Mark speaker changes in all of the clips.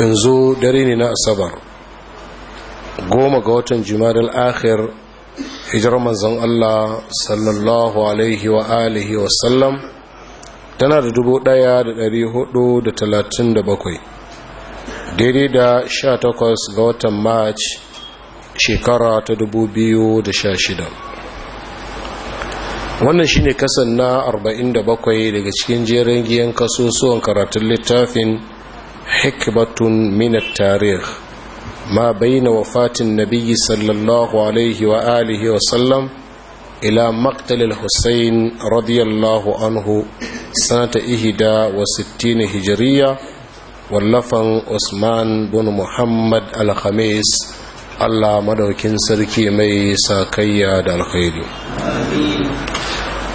Speaker 1: yanzu dare ne na asabar goma ga watan jimadar akhir hijirar manzon Allah sallallahu alaihi wa alihi wa sallam tana da dubu daya da dari hudu da talatin da bakwai daidai da sha takwas ga watan march shekara ta dubu biyu da sha shida wannan shine kasan na arba'in da bakwai daga cikin jerin giyan kasusuwan karatun littafin hikmatun minat tarih ma bayna wafatin nabiyyi sallallahu alaihi wa alihi wa sallam ila maqtal al-husayn radiyallahu anhu sanata ihda wa 60 hijriya wallafan usman bin muhammad al-khamis Allah madaukin sarki mai sakayya da alkhairi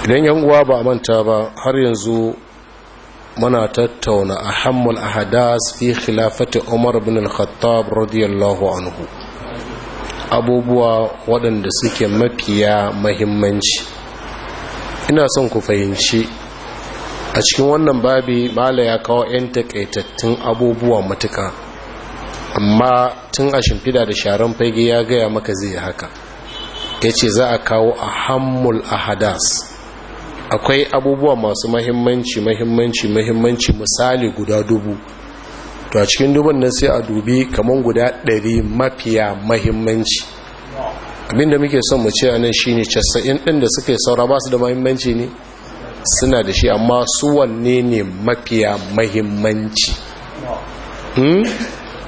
Speaker 1: idan yan uwa ba manta ba har yanzu muna tattauna a hammul ahadas fi khilafati umar bin al-khattab radiyallahu anhu abubuwa waɗanda suke mafiya mahimmanci ina son ku fahimci a cikin wannan babi mala ya kawo 'yan takaitattun abubuwa matuka amma tun a shimfida da sharan fage ya gaya maka zai haka ya ce za a kawo a hammul ahadas akwai abubuwa masu mahimmanci mahimmanci mahimmanci misali guda dubu to a cikin dubun nan sai a dubi kamar guda ɗari mafiya mahimmanci abinda muke son mu ce anan nan shine casa'in ɗin da suka saura ba su da mahimmanci ne suna da shi amma su wanne ne mafiya mahimmanci hmm?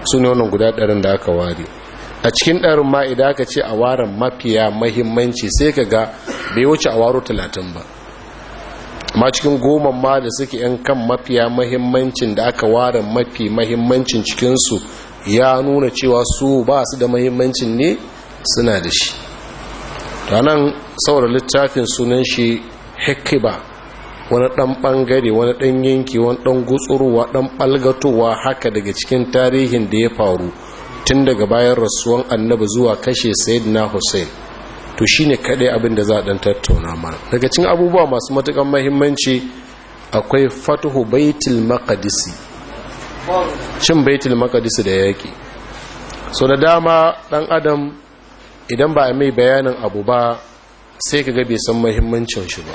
Speaker 1: su ne wannan guda ɗarin da aka ware a cikin ɗarin ma idan aka ce a waren mafiya mahimmanci sai ka ga bai wuce a waro talatin ba ma cikin goma ma da suke yan kan mafiya mahimmancin da aka ware mafi mahimmancin cikinsu ya nuna cewa su ba su da mahimmancin ne suna da shi ranar saboda littafin sunan shi hikiba wani ɗan bangare wani ɗan yanki wani ɗan gutsurwa ɗan ɓalgatowa haka daga cikin tarihin da ya faru tun daga bayan rasuwan annabi zuwa kashe sayyidina hussain. to shi ne kaɗai abin da za a ɗan tattauna mana daga cin abubuwa masu matuƙan mahimmanci akwai fatuhu baitul makadisi cin baitul makadisi da yaki so da dama ɗan adam idan ba a mai bayanin abu ba sai kaga bai san mahimmancin shi ba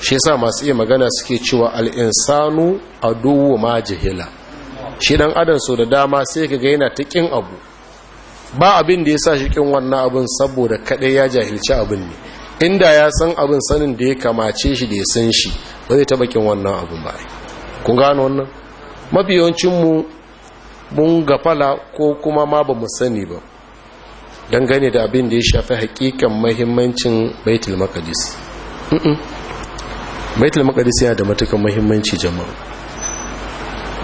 Speaker 1: shi sa masu iya magana suke cewa al a duwu ma jihila shi ɗan adam so da dama sai ka ga yana ta ƙin abu ba abin da ya sa shikin wannan abin saboda kaɗai ya jahilci abin ne inda ya san abin sanin da ya kamace shi da ya san shi ba zai taba kin wannan abin ba kun gano wannan mafi yawancin mu mun gafala ko kuma ma ba mu sani ba dangane da abin da ya shafi hakikan mahimmancin baitul maqdis baitul maqdis yana da matukar mahimmanci jama'a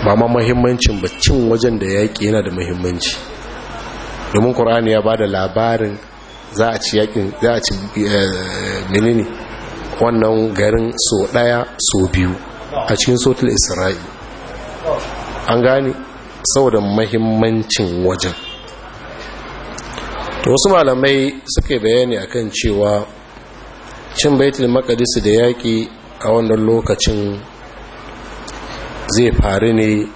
Speaker 1: ba ma mahimmancin baccin wajen da yake yana da mahimmanci domin ƙorani ya ba da labarin za a ci yakin za a ci eh, menene wannan garin so ɗaya so biyu a cikin sotul isra'i an gane saboda mahimmancin wajen to wasu malamai suka bayani akan cewa cin baitul maqdis da yaƙi a wannan lokacin zai faru ne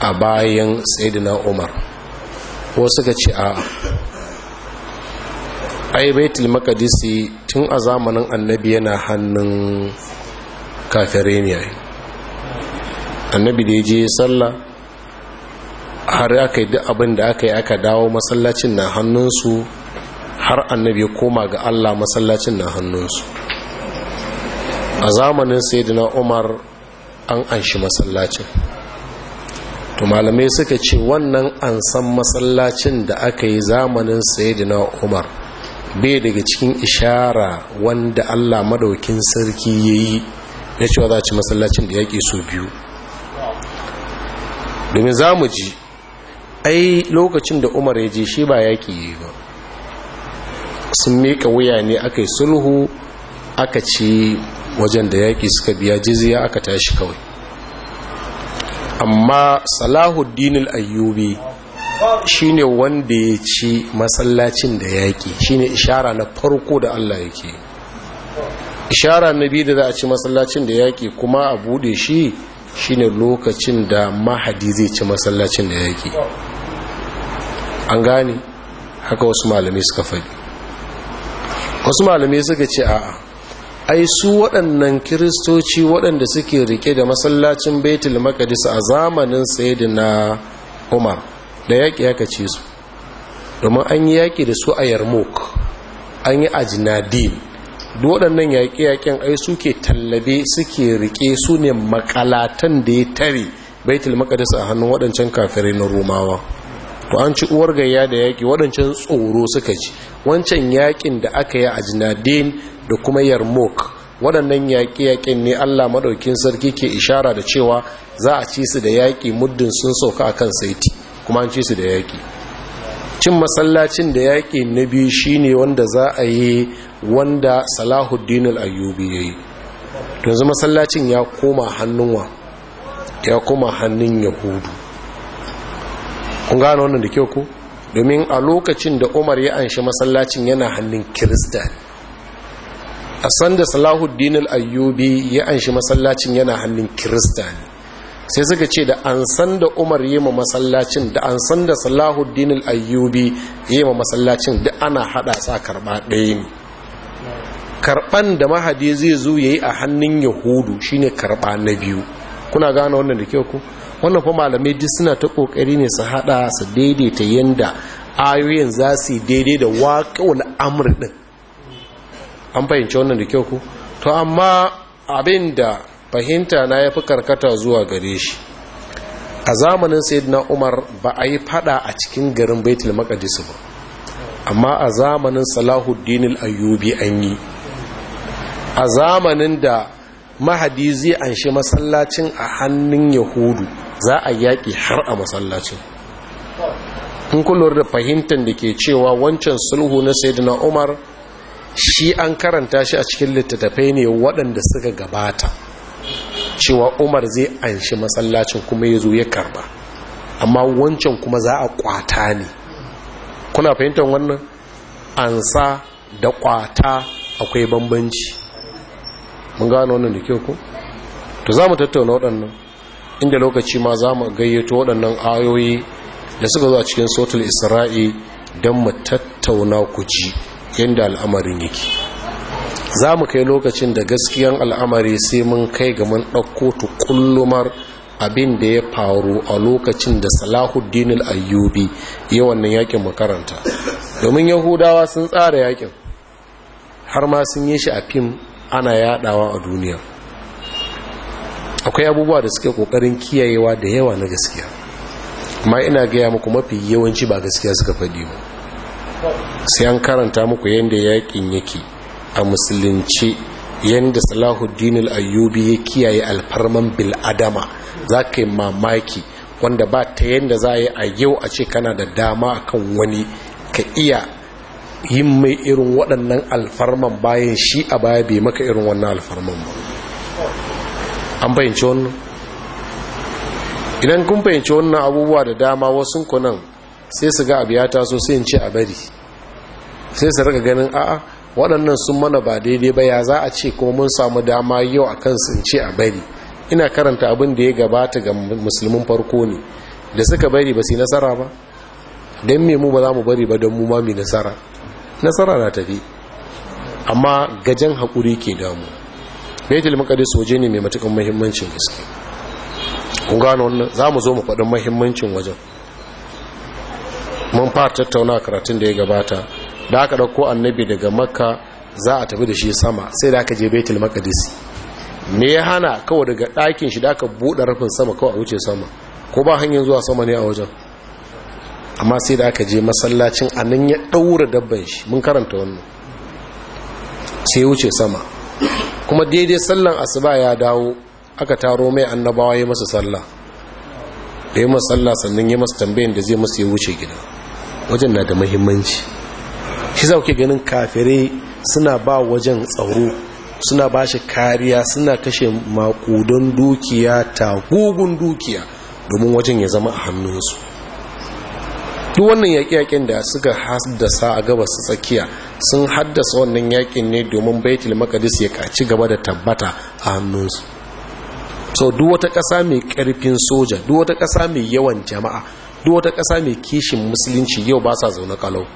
Speaker 1: a bayan sayyidina umar wasu ka ce a ai baitul makadisi tun a zamanin annabi yana hannun kafirai ne annabi da ya je sallah har aka yi duk abin da aka yi aka dawo masallacin na hannunsu har annabi ya koma ga allah masallacin na hannunsu a zamanin sayyidina umar an anshi masallacin to malamai suka ce wannan an san masallacin da aka yi zamanin sayyidina umar bai daga cikin ishara wanda allah madaukin sarki ya yi ya ce za ci masallacin da yaƙi so biyu domin za mu ji ai lokacin da umar ya je shi ba yaƙi yi ba sun miƙa wuya ne aka yi sulhu aka ci wajen da yaƙi suka biya jiziya aka tashi kawai amma salahuddin al'ayyubi shi ne wanda ya ci masallacin da yaƙi shi ne ishara na farko da allah yake ishara na biyu da za a ci masallacin da yaƙi kuma a bude shi shi ne lokacin da mahadi zai ci masallacin da yaƙi an gane haka wasu malamai suka faɗi wasu malamai suka ce a'a ai su waɗannan kiristoci waɗanda suke rike da masallacin baitul maqdis a zamanin sayyidina umar da yaƙi ya kace su domin an yi yaƙi da su a yarmouk an yi a jinadin duk waɗannan yaƙi-yaƙin ai suke tallabe suke rike su ne makalatan da ya tare baitul maqdis a hannun waɗancan kafirai na romawa to an ci uwar gayya da yaƙi waɗancan tsoro suka ci, wancan yaƙin da aka yi a jinadin da kuma yarmouk waɗannan yaƙi-yaƙin ne allah maɗaukin sarki ke ishara da cewa za a ci su da yaƙi muddin sun sauka a kan saiti kuma an ci su da yaƙi cin masallacin da yaƙi na biyu shine wanda za a yi wanda salahuddin al'ayyubi ya yi yanzu masallacin ya koma hannun ya koma hannun yahudu kun gano wannan da kyau ku. domin a lokacin da umar ya anshi masallacin yana hannun kirista a sanda salahuddin al-ayyubi ya anshi masallacin yana hannun kirista sai suka ce da an san da umar yi ma masallacin da an san da salahuddin al-ayyubi yi ma masallacin da ana hada sa karba ɗaya ne karban da mahadi zai zo yayi a hannun yahudu shine karba na biyu kuna gane wannan da kyau ku wannan fa malamai duk suna ta kokari ne su hada su daidaita yanda ayoyin za su daidai da waƙawul amr din an fahimci wannan da kyau ku to amma abin da fahimta na ya fi karkata zuwa gare shi a zamanin sayyidina umar ba a yi fada a cikin garin baitul maqdis ba amma a zamanin salahuddin al-ayyubi an yi a zamanin da mahadi zai anshi masallacin a hannun yahudu za a yaƙi har a masallacin in kullum da fahimtar da ke cewa wancan sulhu na sayyidina umar shi an karanta shi a cikin littattafai ne waɗanda suka gabata cewa umar zai anshi masallacin kuma ya zo ya karba amma wancan kuma za a kwata ne kuna fahimtar wannan ansa da kwata akwai bambanci mun gano wannan da kyau ko to za mu tattauna waɗannan inda lokaci ma za mu gayyato waɗannan ayoyi da suka zo a cikin sotul isra'i don mu tattauna ku ji yadda al'amarin yake za mu kai lokacin da gaskiyan al'amari sai mun kai ga mun ɗauko tukullumar abin da ya faru a lokacin da salahuddin al'ayyubi ya wannan yakin makaranta domin yahudawa sun tsara yakin har ma sun yi shi a fim ana yadawa a duniya akwai abubuwa da suke kokarin kiyayewa da yawa na gaskiya amma ina gaya muku mafi yawanci ba gaskiya suka faɗi ba sai an karanta muku yadda yakin yake a musulunci yadda salahuddin al'ayyubi ya kiyaye alfarman bil'adama za ka yi mamaki wanda ba ta yadda za a yi a yau a ce kana da dama akan wani ka iya yin mai irin waɗannan alfarman bayan shi a baya bai maka irin wannan alfarman ba an fahimci wannan idan kun fahimci wannan abubuwa da dama wasu kunan sai su ga abu ya taso sai in ce a bari sai su raka ganin a'a waɗannan sun mana ba daidai ba ya za a ce kuma mun samu dama yau a kansu in ce a bari ina karanta abin da ya gabata ga musulmin farko ne da suka bari ba su yi nasara ba don mu ba za mu bari ba don mu ma mai nasara nasara na tafi amma gajen haƙuri ke damu baitul maqdis waje ne mai matukan muhimmancin gaske kun gano wannan za mu zo mu faɗin muhimmancin wajen mun fara tattauna karatun da ya gabata da aka ɗauko annabi daga makka za a tafi da shi sama sai da aka je baitul maqdis me ya hana kawai daga ɗakin shi da aka buɗe rufin sama kawai a wuce sama ko ba hanyar zuwa sama ne a wajen amma sai da aka je masallacin a nan ya ɗaura dabban shi mun karanta wannan sai wuce sama kuma daidai sallan asuba ya dawo aka taro mai annabawa ya masa sallah da ya masa sallah sannan ya masa tambayin da zai masa ya wuce gida wajen na da mahimmanci shi za ke ganin kafirai suna ba wajen tsaro suna ba shi kariya suna kashe makudan dukiya tagugun dukiya domin wajen ya zama a hannunsu duk wannan yaƙi-yaƙin da suka haddasa a gabas tsakiya sun haddasa wannan yaƙin ne domin baitul maqdis ya ci gaba da tabbata a hannunsu so duk wata ƙasa mai ƙarfin soja duk wata ƙasa mai yawan jama'a duk wata ƙasa mai kishin musulunci yau ba sa zaune kalau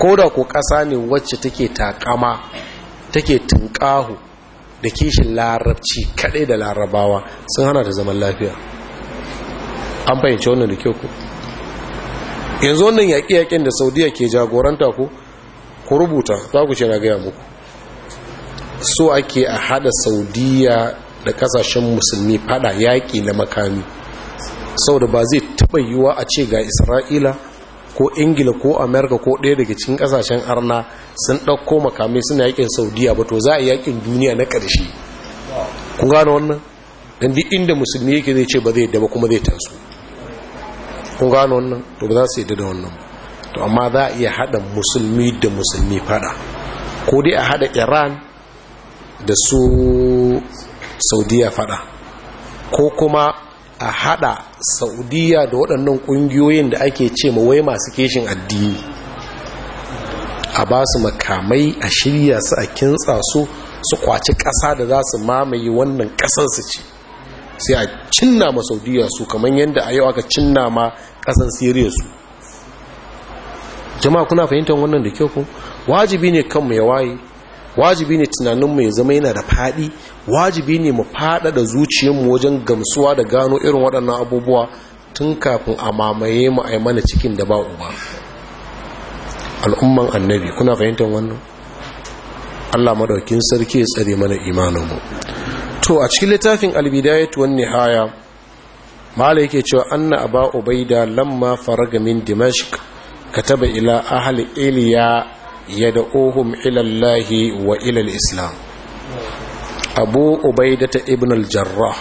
Speaker 1: ko da ko ƙasa ne wacce take takama take tunƙahu da kishin larabci kaɗai da larabawa sun hana ta zaman lafiya an fahimci wannan da kyau ko yanzu wannan yaƙi-yaƙin da saudiya ke jagoranta ku ku rubuta za ku ce na gaya muku so ake a hada saudiya da ƙasashen musulmi fada yaƙi na makami saboda ba zai taɓa yiwuwa a ce ga isra'ila ko ingila ko amerika ko ɗaya daga cikin kasashen arna sun ɗauko makamai suna yaƙin saudiya ba to za a yaƙin duniya na ƙarshe ku gano wannan don duk inda musulmi yake zai ce ba zai ba kuma zai tasu kun gano wannan to ba za su yi da wannan to amma za a iya haɗa musulmi da musulmi fada ko dai a haɗa iran da su saudiya fada ko kuma a haɗa saudiya da waɗannan ƙungiyoyin da ake ce wai masu keshin addini a ba su makamai a shirya su a kintsa su su kwaci ƙasa da za su mamaye wannan ƙasar su ce sai a cinna ma saudiya su kamar yadda a yau aka cinna ma kasan siriya su jama'a kuna fahimtar wannan da kyau ku wajibi ne kanmu ya waye wajibi ne tunaninmu ya zama yana da faɗi wajibi ne mu faɗaɗa zuciyarmu wajen gamsuwa da gano irin waɗannan abubuwa tun kafin a mamaye mu a mana cikin da ba uba al'umman annabi kuna fahimtar wannan allah madaukin sarki ya tsare mana imaninmu to a cikin littafin albidayat wan nihaya mala yake cewa anna aba ubaida lamma faraga min dimashq kataba ila ahli iliya yad'uhum ila allah wa ila islam abu ubaida ta ibn al-jarrah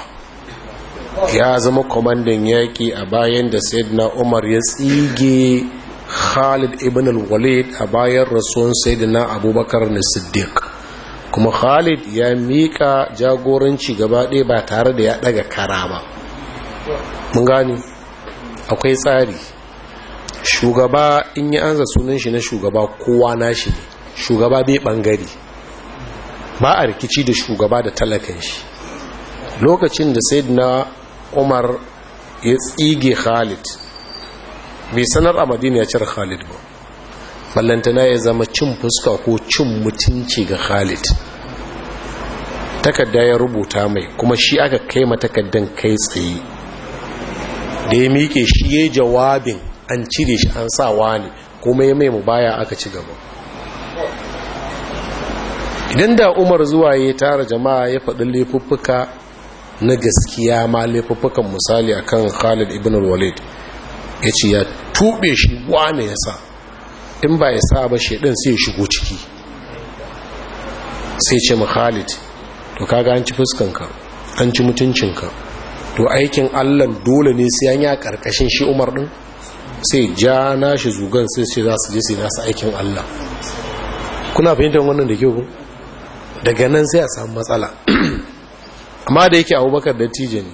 Speaker 1: ya zama kwamandan yaki a bayan da sayyidina umar ya tsige khalid ibn al-walid a bayan rasuwan sayyidina abubakar na siddiq kuma khalid ya miƙa jagoranci gaba ɗaya ba tare da ya ɗaga kara ba mun gani akwai tsari shugaba in yi anza sunan shi na shugaba kowa na shi ne shugaba bai ɓangare ba a rikici da shugaba da talakan shi lokacin da sai na umar ya tsige khalid bai sanar a madina ya cire khalid ba ballantana ya zama cin fuska ko cin mutunci ga khalid takarda ya rubuta mai kuma shi aka kai matakaddan kai tsaye da ya miƙe shi ya jawabin an cire shi an sa wani kuma ya mai mubaya aka ci gaba idan da umar zuwa ya tara jama'a ya faɗi laifuffuka na gaskiya ma laifuffukan misali akan khalid ibn walid ya ce ya tuɓe shi wane ya sa in ba ya sa ba shaidan sai ya shigo ciki sai ce mu khalid to kaga an ci fuskanka an ci mutuncinka to aikin allan dole ne sai an ya karkashin shi umar din sai ja na shi zugan sai sai za su je sai nasu aikin allah kuna fahimtar wannan da kyau daga nan sai a samu matsala amma da yake abubakar dattijo ne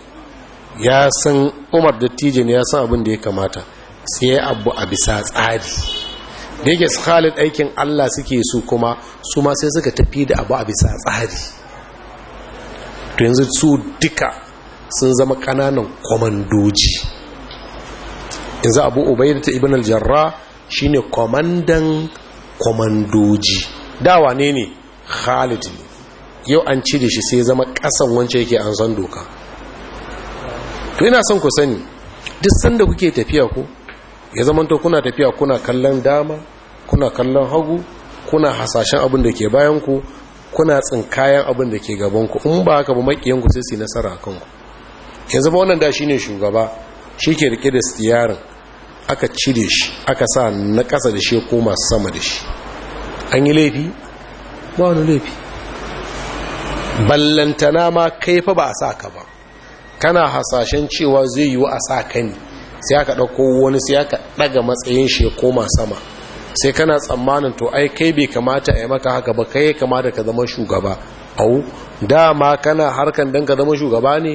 Speaker 1: ya san umar dattijo ne ya san abin da ya kamata sai abu a bisa tsari da yake khalid aikin Allah suke su kuma su ma sai suka tafi da abu a bisa tsari to yanzu su duka sun zama kananan kwamandoji yanzu abu da ta ibn al-jarra ne kwamandan kwamandoji dawa ne ne khalid ne yau an ci da shi sai zama kasan wance yake an san doka to ina son ku sani duk sanda kuke tafiya ku ya to kuna tafiya kuna kallon dama kuna kallon hagu kuna hasashen abin da ke bayanku kuna tsinkayen abin da ke gabanku in ba haka ba makiyanku sai su yi nasara a kanku Ya zama wannan da shi ne shugaba shi ke rike da stiyarin aka cire shi aka sa na ƙasa da shi ko masu sama da shi an yi laifi ba wani laifi ballantana ma kai fa ba a sa ka ba kana hasashen cewa zai yiwu a sa ka ne sai aka ɗauko wani sai aka ɗaga matsayin shi ya koma sama sai kana tsammanin to ai kai bai kamata a yi maka haka ba kai kamata ka zama shugaba au dama kana harkan dan ka zama shugaba ne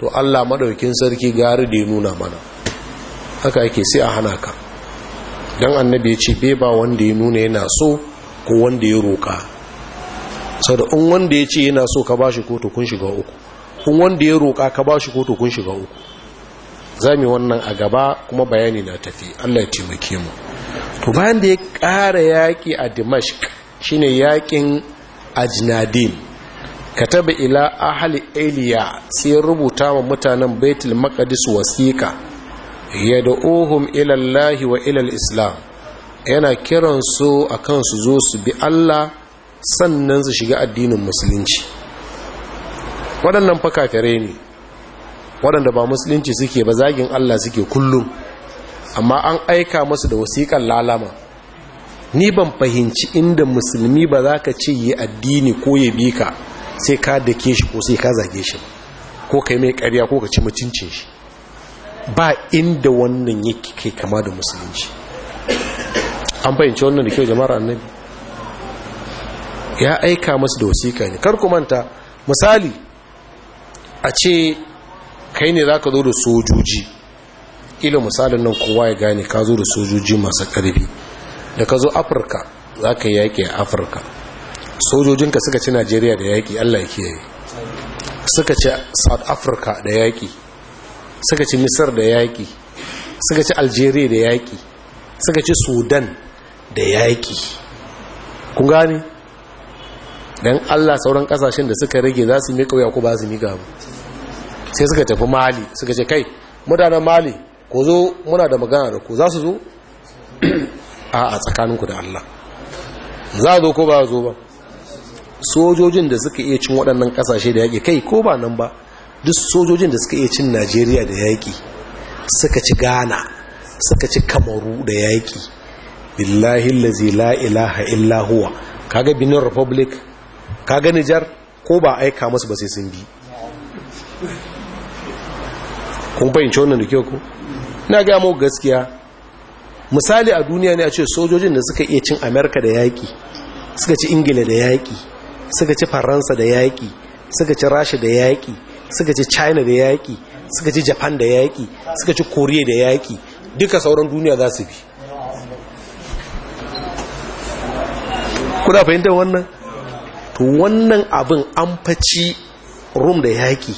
Speaker 1: to Allah madaukin sarki gari da ya nuna mana haka yake sai a hana ka dan annabi ya ce bai ba wanda ya nuna yana so ko wanda ya roka sau in wanda ya ce yana so ka bashi ko to kun shiga uku in wanda ya roka ka bashi ko to kun shiga uku za mu wannan a gaba kuma bayani na tafi Allah ya taimake mu to bayan da ya ƙara yaƙi a Dimashq shine yaƙin Ajnadin kataba ila ahli Eliya sai rubuta wa mutanen Baitul Maqdis wasiqa yad'uhum ila ilallahi wa ila islam yana kiran su akan su zo su bi Allah sannan su shiga addinin musulunci waɗannan fa ne waɗanda ba musulunci suke ba zagin Allah suke kullum amma an aika masu da wasiƙan lalama ni ban fahimci inda musulmi ba za ka ce yi addini ko ya bi ka sai ka da ke shi ko sai ka zage shi ko ka yi mai karya ko ka ci mutuncin shi ba inda wannan yake kai kama da musulunci an fahimci wannan da kyau jama'ar annabi ya aika masu da wasiƙa ne kar ku manta misali a ce kai ne za ka zo da sojoji ila misalin nan kowa ya gane ka zo da sojoji masu ƙarfi da ka zo afirka za ka yaƙi a afirka sojojinka suka ci najeriya da yaƙi allah ya kiyaye suka ci south africa da yaƙi suka ci misir da yaƙi suka ci algeria da yaƙi suka ci sudan da yaƙi ku gane don allah sauran ƙasashen da suka rage za su mika wuya ko ba su mika ba sai suka tafi mali suka ce kai mutanen mali ko zo muna da magana da ku za su zo a a tsakaninku da allah za zo ko ba zo ba sojojin da suka iya cin waɗannan ƙasashe da yaƙi kai ko ba nan ba duk sojojin da suka iya cin najeriya da yaƙi suka ci ghana suka ci kamaru da yaƙi billahi lazi la ilaha illa kaga benin republic kaga nijar ko ba aika masu ba sai sun bi kun fahimci wannan da kyau ku na gaya mu gaskiya misali a duniya ne a ce sojojin da suka iya cin amerika da yaƙi suka ci ingila da yaƙi suka ci faransa da yaƙi suka ci rasha da yaƙi suka ci china da yaƙi suka ci japan da yaƙi suka ci koriya da yaƙi duka sauran duniya za su bi kuna fahimtar wannan to wannan abin an faci rum da yaƙi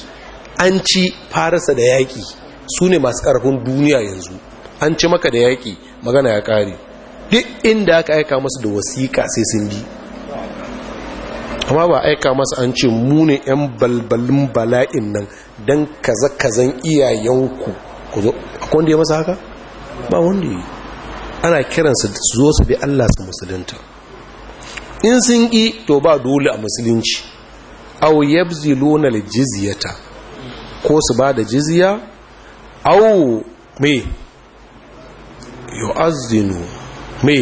Speaker 1: an ci farasa da yaƙi su ne masu ƙarfin duniya yanzu an ci maka da yaƙi magana ya ƙare duk inda aka aika masu da wasiƙa sai sun bi amma ba aika masu an ce mu ne 'yan balbalin bala'in nan don kaza-kazan iyayenku ku zo akwai wanda ya masa haka ba wanda yi ana kiransa su zo su bi allah su musulunta in sun ƙi to ba dole a musulunci au yabziluna jizyata ko su ba da jizya au me yu'azzinu me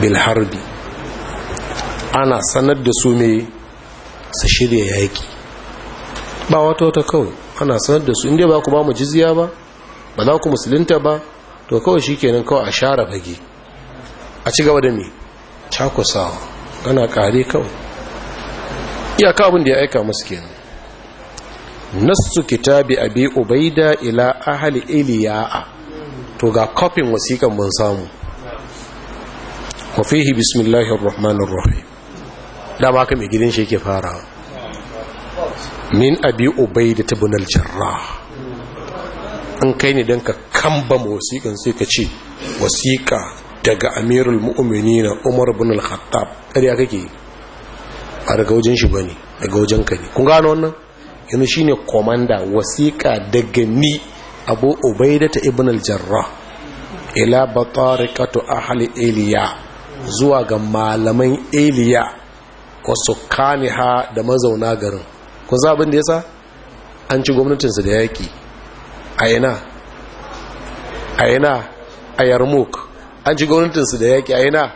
Speaker 1: bil ana sanar da su me su shirya yaki ba wata wata kawai ana sanar da su inda ba ku ba mu jizya ba ba za ku musulunta ba to kawai shi kenan kawai a share fage a ci gaba da me cakusawa ana kare kawai iyaka abin da ya aika musu kenan nassu kitabi abi ubaida ila ahli iliya'a to ga kofin wasiƙan mun samu wafihi bismillahir rahmanir rahim dama ka mai gidan shi yake fara min abi ubaida ibn al-jarrah an kai ne don ka kamba wasiƙan sai ka ce wasiƙa daga amirul mu'mini umar bin al-khattab ƙarya kake A daga wajen shi ba daga wajen ka ne kun gano wannan yanzu shi ne komanda wasiƙa daga ni abu ta ibn al-jarrah ila a hali Eliya zuwa ga malaman ko su kaniha da mazauna garin kun sa abin da yasa an ci gwamnatinsu da yaƙi. a yana a yana a yarmouk an ci gwamnatinsu da yaƙi a yana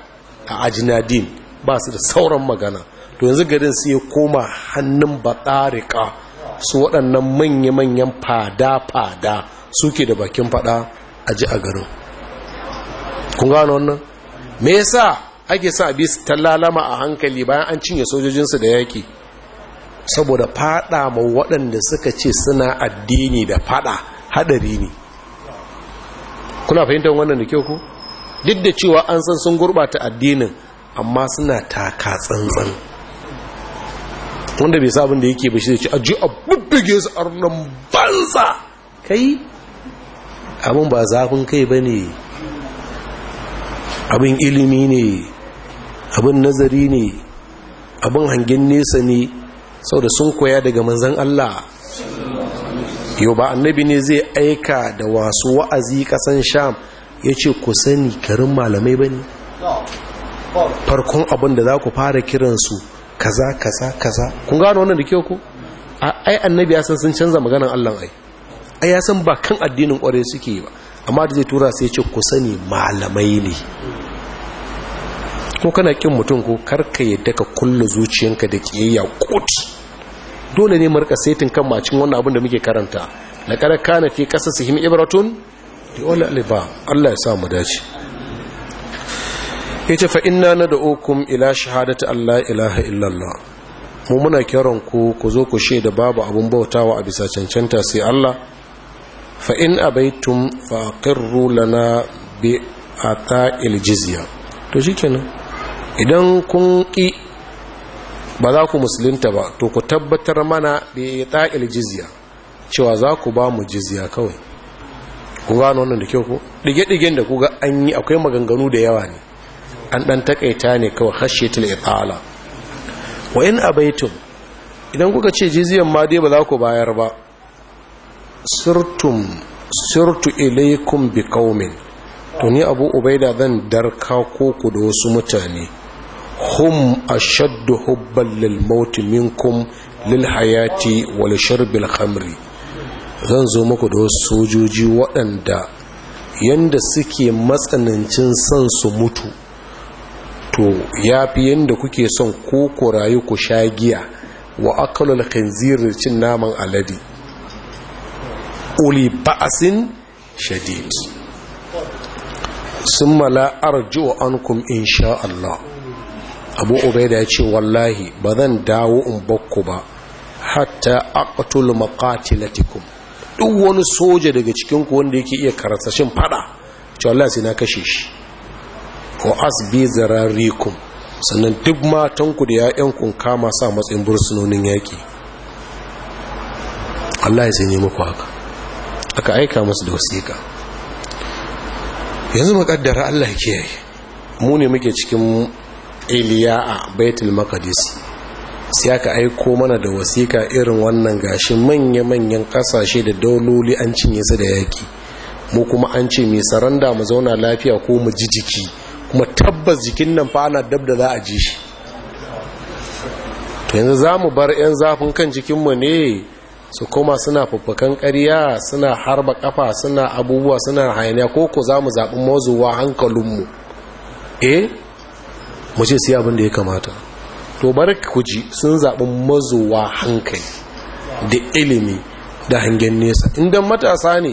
Speaker 1: a ajinadin ba su da sauran magana to yanzu garin su ya koma hannun batarika su waɗannan manya-manyan fada-fada suke da bakin fada a ji a garin kun gano wannan me yasa ake sa abi su tallalama a hankali bayan an cinye sojojinsu da yaƙi saboda fada ma waɗanda suka ce suna addini da fada hadari ne kuna fahimtar wannan da kyau ku duk da cewa an san sun gurɓata addinin amma suna taka tsantsan wanda bai sabon da yake bashi zai ci aji a gesa su arnan banza kai abin ba zafin kai ba ne abin ilimi ne abin nazari ne abin hangen nesa ne sau da sun koya daga manzan Allah yau ba annabi ne zai aika da wasu wa'azi kasan sham ya ce ku sani karin malamai ba ne farkon abin da za ku fara kiransu kaza kaza kaza kun gano wannan da kyau ko ai annabi ya san sun canza maganan Allah ai ai ya san ba kan addinin kware suke ba amma da zai tura sai ya ce ku sani malamai ne ko kana kin mutum ko karka yadda ka kulle zuciyanka da kiyayya kot dole ne mu rika saitin kan macin wannan abin da muke karanta la kana fi qasasihim ibratun li ulil albab Allah ya sa mu dace ya ce fa'ina na da okun ila shahadata Allah ilaha illallah mu muna kiran ku ku zo ku shaida babu abin bautawa a bisa cancanta sai Allah fa'in abaitun rula na bi a ta'il jiziya. to shi kenan idan kun ƙi ba za ku musulunta ba to ku tabbatar mana bi ta'il jiziya cewa za ku ba mu jiziya kawai ku gano wannan da kyau ku ɗige-ɗigen da ku ga an yi akwai maganganu da yawa ne an dan takaita ne kawai khashyatul itala wa in abaitum idan kuka ce jiziyan ma dai ba za ku bayar ba sirtum sirtu ilaykum biqaumin to ni abu ubaida zan darka ko ku da wasu mutane hum ashaddu hubban lil maut minkum lil hayati wal al khamri zan zo muku da wasu sojoji waɗanda yanda suke matsanancin son su mutu to ya fi yadda kuke son ko ku rayu ku sha giya wa akalul khinzir cin naman alade uli ba'asin shadid sun mala arjo ankum insha Allah abu ubaida ya ce wallahi ba zan dawo in bakku ba hatta aqtul maqatilatikum duk wani soja daga cikin ku wanda yake iya karsashin fada ce wallahi sai na kashe shi wa asbi zararikum sannan duk matanku da ya'yanku kama sa matsayin bursunonin yaƙi Allah ya sanye muku haka aka aika masu da wasiƙa yanzu makaddara Allah ya kiyaye mu ne muke cikin iliya a baitul Makadisi sai aka aiko mana da wasiƙa irin wannan gashi manya-manyan ƙasashe da dauloli an cinye su da yaƙi mu kuma an ce mai saranda mu zauna lafiya ko mu ji jiki mu tabbas jikin nan fa ana dab da za a ji shi to yanzu za mu bar 'yan zafin kan jikinmu ne su koma suna fuffakan ƙarya suna harba kafa, suna abubuwa suna hayaniya ko ku za mu zaɓi mazuwa hankalinmu eh mu ce siya abin da ya kamata to bar ku ji sun zaɓi mazuwa hankali da ilimi da hangen nesa inda matasa ne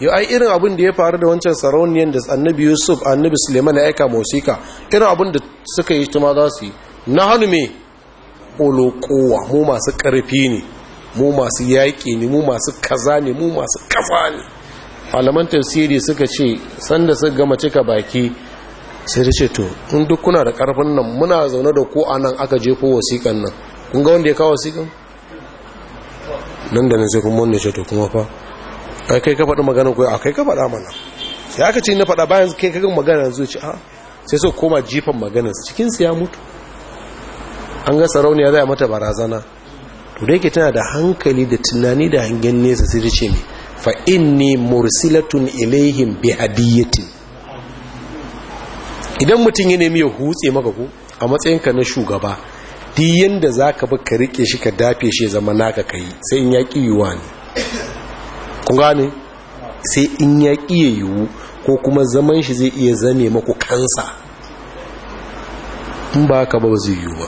Speaker 1: yau ai irin abin da ya faru da wancan sarauniyar da annabi yusuf annabi suleiman ya aika musika irin abin da suka yi tuma za su yi na hannu mai olokowa mu masu ƙarfi ne mu masu yaƙi ne mu masu kaza ne mu masu kafa ne malaman tafsiri suka ce sanda su gama cika baki sai da ce to duk kuna da ƙarfin nan muna zaune da ko anan aka jefo wasiƙan nan kun ga wanda ya kawo wasiƙan nan da nan sai kuma wanda ce to kuma fa ai kai ka faɗi maganar ko a kai ka faɗa mana sai aka ce na faɗa bayan kai ka ga magana yanzu ce a ah. sai su koma jifan maganar cikinsu ya mutu an ga sarauniya zai mata barazana to dai ke tana da hankali da tunani da hangen nesa sai ta ce mai fa inni mursilatun ilaihim bi hadiyati idan mutum ya nemi ya hutse maka ko a matsayin ka na shugaba diyan yanda zaka bi ka rike shi ka dafe shi zama naka kai sai in ya ne kungane sai in ya iya yiwu ko kuma zaman shi zai iya zane maku kansa in ba ka ba zai yiwu ba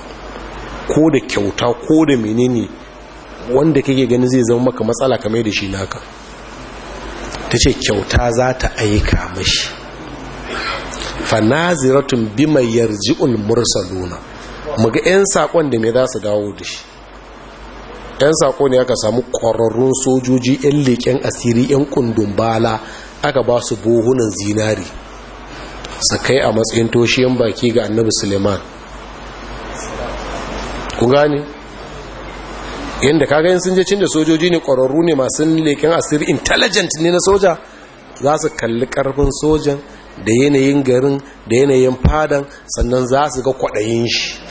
Speaker 1: ko da kyauta ko da menene wanda kake gani zai zama maka matsala kamar da shi naka ta ce kyauta za ta aika mashi fanaziratun bima ji'ul mursaluna muga 'yan saƙon da me za su dawo da shi yan sako ne aka samu kwararrun sojoji yan leƙen asiri yan kundin bala aka ba su buhunan zinari sakai a matsayin toshiyan baki ga annabi suleiman ku gane yadda kaga yin sun je cin da sojoji ne ƙwararru ne masu leƙen asiri intelligent ne na soja za su kalli ƙarfin sojan da yanayin garin da yanayin fadan sannan za su ga kwaɗayin shi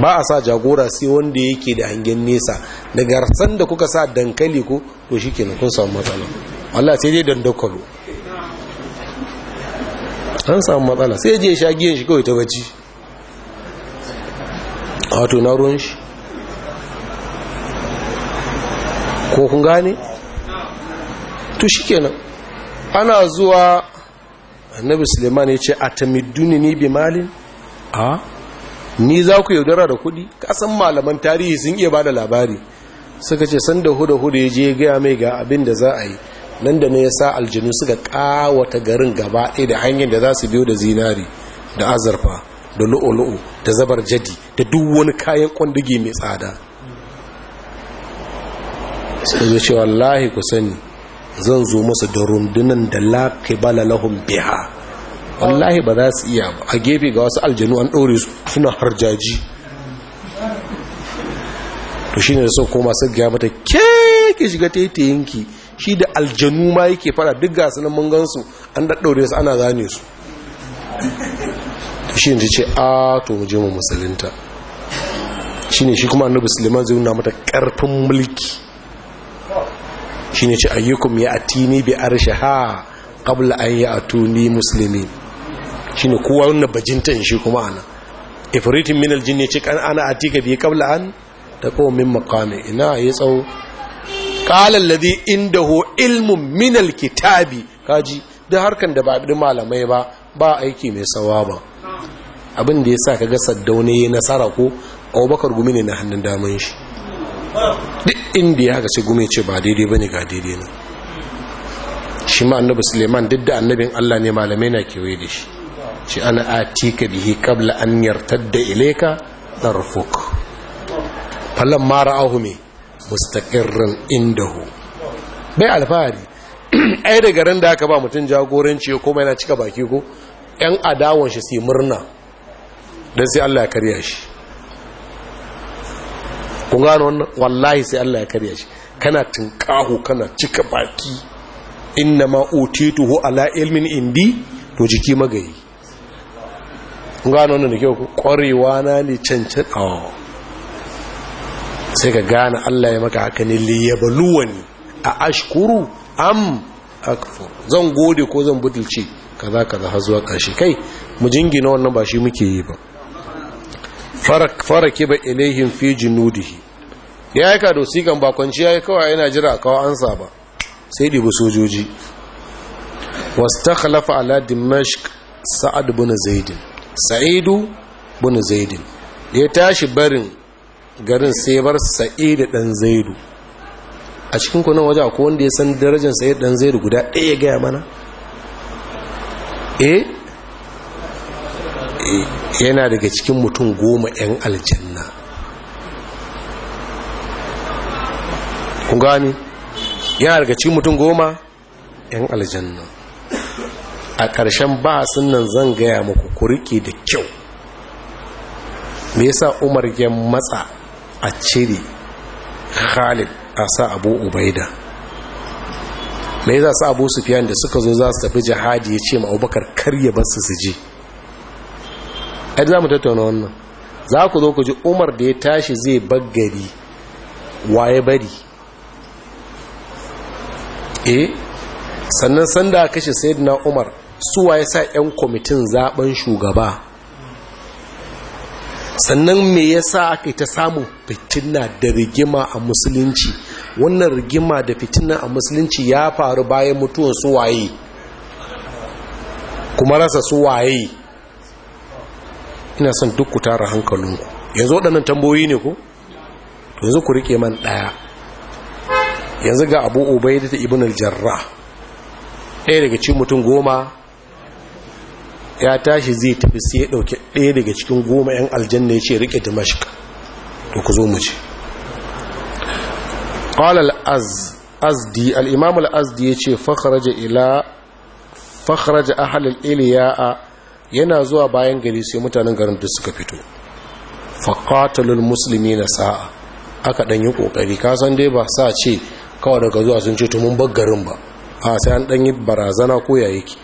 Speaker 1: ba a sa jagora sai wanda yake da hangen nesa daga rasan da kuka sa dankali ko to shi ke kun samu matsala Allah sai dai dandakwalo an samu matsala sai je sha giyan shi kawai ta bacci wato na ruwan shi ko kun gane to shi nan ana zuwa annabi suleiman ya ce a tamiduni ni bi malin a ni za ku yaudara da kuɗi kasan malaman tarihi sun iya bada labari suka ce sanda huda huda ya je gaya mai ga abin da za a yi nan da ne ya sa aljinu suka ƙawata garin gaba ɗaya da hanyar da za su biyo da zinari da azurfa da lu'ulu'u da zabar jadi da duk wani kayan kwandigi mai tsada sai wallahi ku sani zan zo masa da rundunan da la bala biha wallahi ba za su iya ba a gefe ga wasu aljanu an ɗore suna harjaji to shi ne da sau koma sun gaya mata keke shiga yanki shi da aljanu ma yake fara duk gasu na mangansu an daɗaure su ana zane su to shi ne ce a to mu je mu musulunta shi ne shi kuma annabi suleiman zai nuna mata ƙarfin mulki shi ne ce ayyukum ya atini bi arsha ha qabla an ya atuni muslimin shine kowa wannan bajintan shi kuma ana ifritin minal jini ya ce kan ana atika bi kabla an taqo min maqami ina ya tsawo qala inda ho minal minal kitabi kaji da harkan da ba bi malamai ba ba aiki mai ba abin da ka gasa daune ya nasara ko Abubakar gumi ne na hannun daman shi duk inda ya gasa gumi ce ba daidai ba ne ga daidai ne shi ma annabi Suleiman duk da annabin Allah ne malamai na kewaye da shi shi ana atika bihi qabla an yartadda ilayka tarfuk falan ma ra'ahu me mustaqirran indahu bai alfahari ai da garin da aka ba mutum jagoranci ko mai na cika baki ko yan adawon shi sai murna dan sai Allah ya karya shi Ku gano wannan wallahi sai Allah ya karya shi kana tinkahu kana cika baki inna ma utituhu ala ilmin indi to jiki magayi kun gano wannan da ke kwarewa na ne cancan awa oh. sai ka gane allah ya maka haka ne liyabaluwa ne a ashkuru am akfu zan gode ko zan budulci. kaza kaza har zuwa ƙarshe kai mu jingina wannan ba shi muke yi ba farake ba ilaihin fi junudihi ya yi kado sigan bakwanci ya yi kawai yana jira a kawo ansa ba sai ɗibu sojoji wasu ta khalafa ala dimashq sa'ad bin zaidin sa'idu bin zaidin ya tashi barin garin sai bar sa'idu dan zaidu a cikin kunan waje akwai wanda ya san darajar sa'idu dan zaidu guda ɗaya gaya mana eh? eh yana daga cikin mutum goma 'yan aljanna ku gani yana daga cikin mutum goma 'yan aljanna a ƙarshen ba nan zan gaya muku ku da kyau me yasa umar ya matsa a cire khalid a sa abu ubaida me yasa sa abu sufiyan da suka zo za su tafi jihadi ya ce ma abubakar kar ya bar su su je ai za mu tattauna wannan za ku zo ku ji umar da ya tashi zai baggari waye bari eh sannan sanda kashe sayyidina umar suwa ya sa 'yan kwamitin zaben shugaba sannan me sa aka ta samun fitina da rigima a musulunci wannan rigima da fitina a musulunci ya faru bayan mutuwan suwaye kuma rasa suwaye ina son duk ku hankalinku yanzu waɗannan tamboyi ne ku yanzu ku rike man ɗaya yanzu ga abu obai da ibn aljarra ɗaya daga ci mutum goma ya tashi zai tafi sai ya ɗauki ɗaya daga cikin goma 'yan aljanna ya ce rike damashik to ku zo mu ce azdi al'imamul azdi ya ce fakharaja ahalar a yana zuwa bayan gari sai mutanen garin da suka fito faƙatalul musulmi na sa'a aka ɗanyi ƙoƙari kasan dai ba sa ce kawai daga zuwa sun ce tumun garin ba a sai an ɗanyi barazana ko ya yake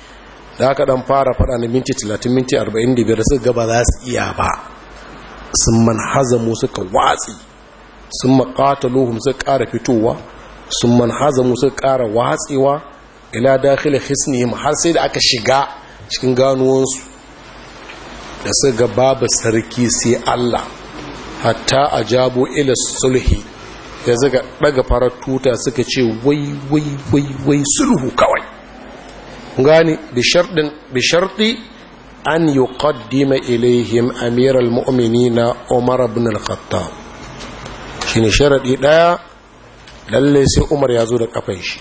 Speaker 1: da aka dan fara fada na minti 30 minti da biyar suka gaba za su iya ba sun manhazamu suka watsi sun makataluhum suka ƙara fitowa sun manhazamu suka ƙara watsewa ila dakhil hisnihim har sai da aka shiga cikin ganuwansu da suka ga ba sarki sai Allah hatta ajabu ila sulhi da suka daga farar tuta suka ce wai wai wai wai sulhu kawai gani bi sharɗi an yi ƙaddima ilaihim amiral mu'mini na umar ibn al-khattab shi ne sharaɗi ɗaya lalle sai umar ya zo da ƙafai shi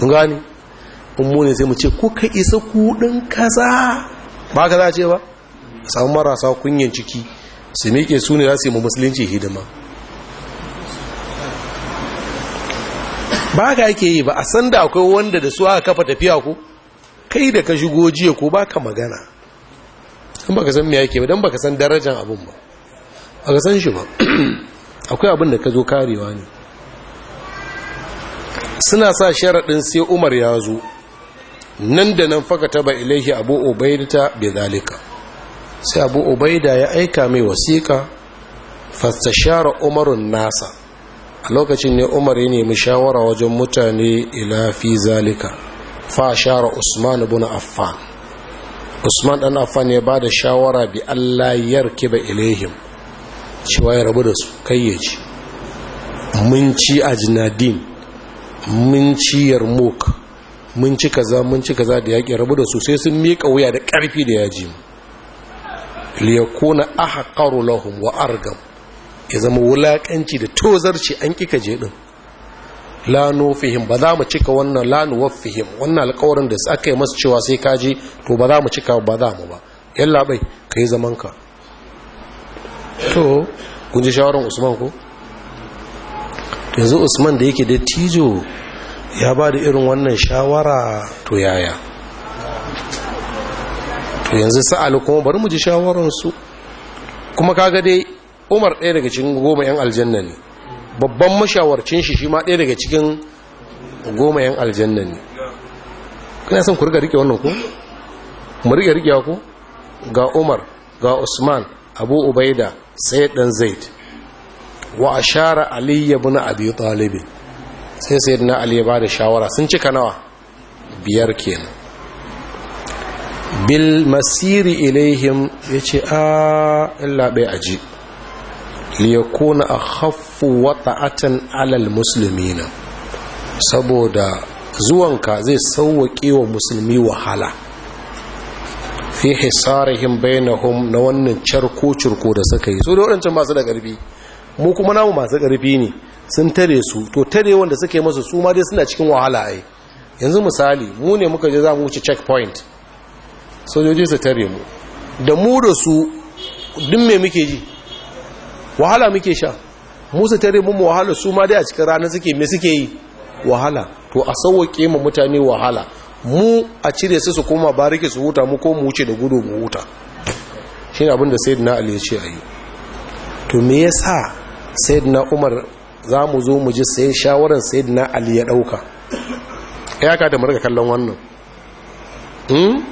Speaker 1: gani sai mu ce kuka isa kuɗin kaza ba ka za ce ba samu marasa kunyan ciki su miƙe su ne za su yi mu musulunci hidima ba ka yake yi ba a san da akwai wanda da su aka kafa tafiya ko kai da ka shigo jiya ko ba ka magana Don ba ka san me yake ba don ba ka san darajan abin ba ba ka san shi ba akwai abin da ka zo karewa ne suna sa sharaɗin sai umar ya zo nan da nan faka taba ilaihi abu obaida ta sai abu obaida ya aika mai wasiƙa share umarun nasa lokacin ne umar ya nemi shawara wajen mutane ila fi zalika fa shara usman ibn affan usman dan affan ya bada shawara bi Allah ba ilaihim cewa ya rabu da su kayyaci mun ci ajnadin mun ci yarmouk mun ci kaza mun ci kaza da yaƙi rabu da su sai sun miƙa wuya da ƙarfi da yaji liyakuna ahqaru lahum wa argam ya zama wulakanci da tozarci an kika je din la nufihim ba za mu cika wannan la nuwaffihim wannan alƙawarin da aka yi masu cewa sai kaji to ba za mu cika ba za mu ba yalla bai kai zaman ka to kun ji shawaran Usman ko yanzu Usman da yake da tijo ya ba da irin wannan shawara to yaya to yanzu sa'alu kuma bari mu ji shawaran su kuma kaga dai umar ɗaya daga cikin goma yan aljanna ne babban mashawarcin shi shi ma ɗaya daga cikin goma yan aljanna ne kuna son ku riga rike wannan ku mu riga rike ku ga umar ga usman abu ubaida sai dan zaid wa ashara ali ibn abi talib sai sayyidina ali ya bada shawara sun cika nawa biyar kenan bil masiri ilaihim yace ah, a illa bai aji liyakuna a haffu wata'atan alal musulmina saboda zuwanka zai sauwaƙe wa musulmi wahala fi hisarihim bainahum na wannan carko-curko da suka yi so da waɗancan masu da ƙarfi mu kuma namu masu ƙarfi ne sun tare su to tare wanda suke masu su ma dai suna cikin wahala ai yanzu misali mu ne muka je za mu wuce checkpoint sojoji su tare mu da mu da su duk me muke ji wahala muke sha musu tare mun wahala su ma dai a cikin rana suke me suke yi wahala to a sauwake mu mutane wahala mu a cire su su koma bariki su huta mu ko mu wuce da gudu mu huta shine abin da sayyidina ali ya ce ayi to me yasa sayyidina umar za mu zo mu ji sai shawaran sayyidina ali ya dauka ya ka da mu kallon wannan hmm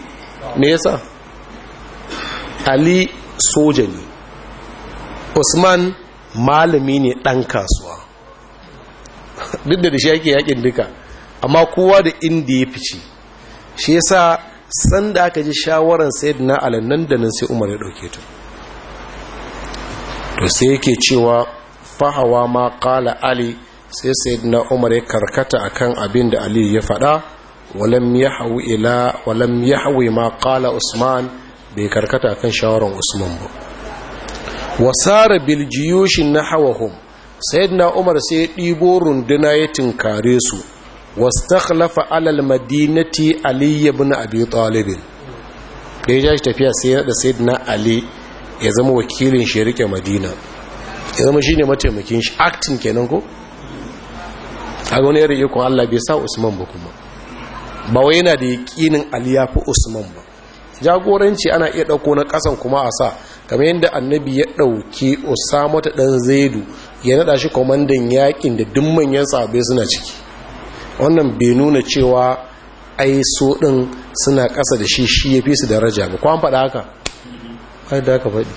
Speaker 1: me yasa ali soja ne usman malami ne ɗan kasuwa duk da shi yake yakin duka amma kowa da inda ya fice shi yasa sanda aka ji shawaran sayyidina ali nan da nan sai umar ya dauke ta to sai yake cewa fahawa ma qala ali sai sayyidina umar ya karkata akan abin da ali ya faɗa walam yahwi ila ma qala usman bai karkata akan shawaran usman ba wasara biljiyushin na hawahum na umar sai ya ɗibo runduna ya tinkare su wasu wastakhlafa alal madinati ali ibn abi talib da ya shi tafiya sai ya da na ali ya zama wakilin shi rike madina ya zama shine mataimakin shi acting kenan ko a wani yare ikon Allah bai sa Usman ba kuma ba wai yana da yakinin Ali ya fi Usman ba jagoranci ana iya ɗauko na kasan kuma a sa kamar yadda annabi ya ɗauki osama ta ɗan zaidu ya naɗa shi kwamandan yakin da duk manyan sabai suna ciki wannan bai nuna cewa ai so ɗin suna ƙasa da shi shi ya fi su daraja ba kwan faɗa haka ai da haka faɗi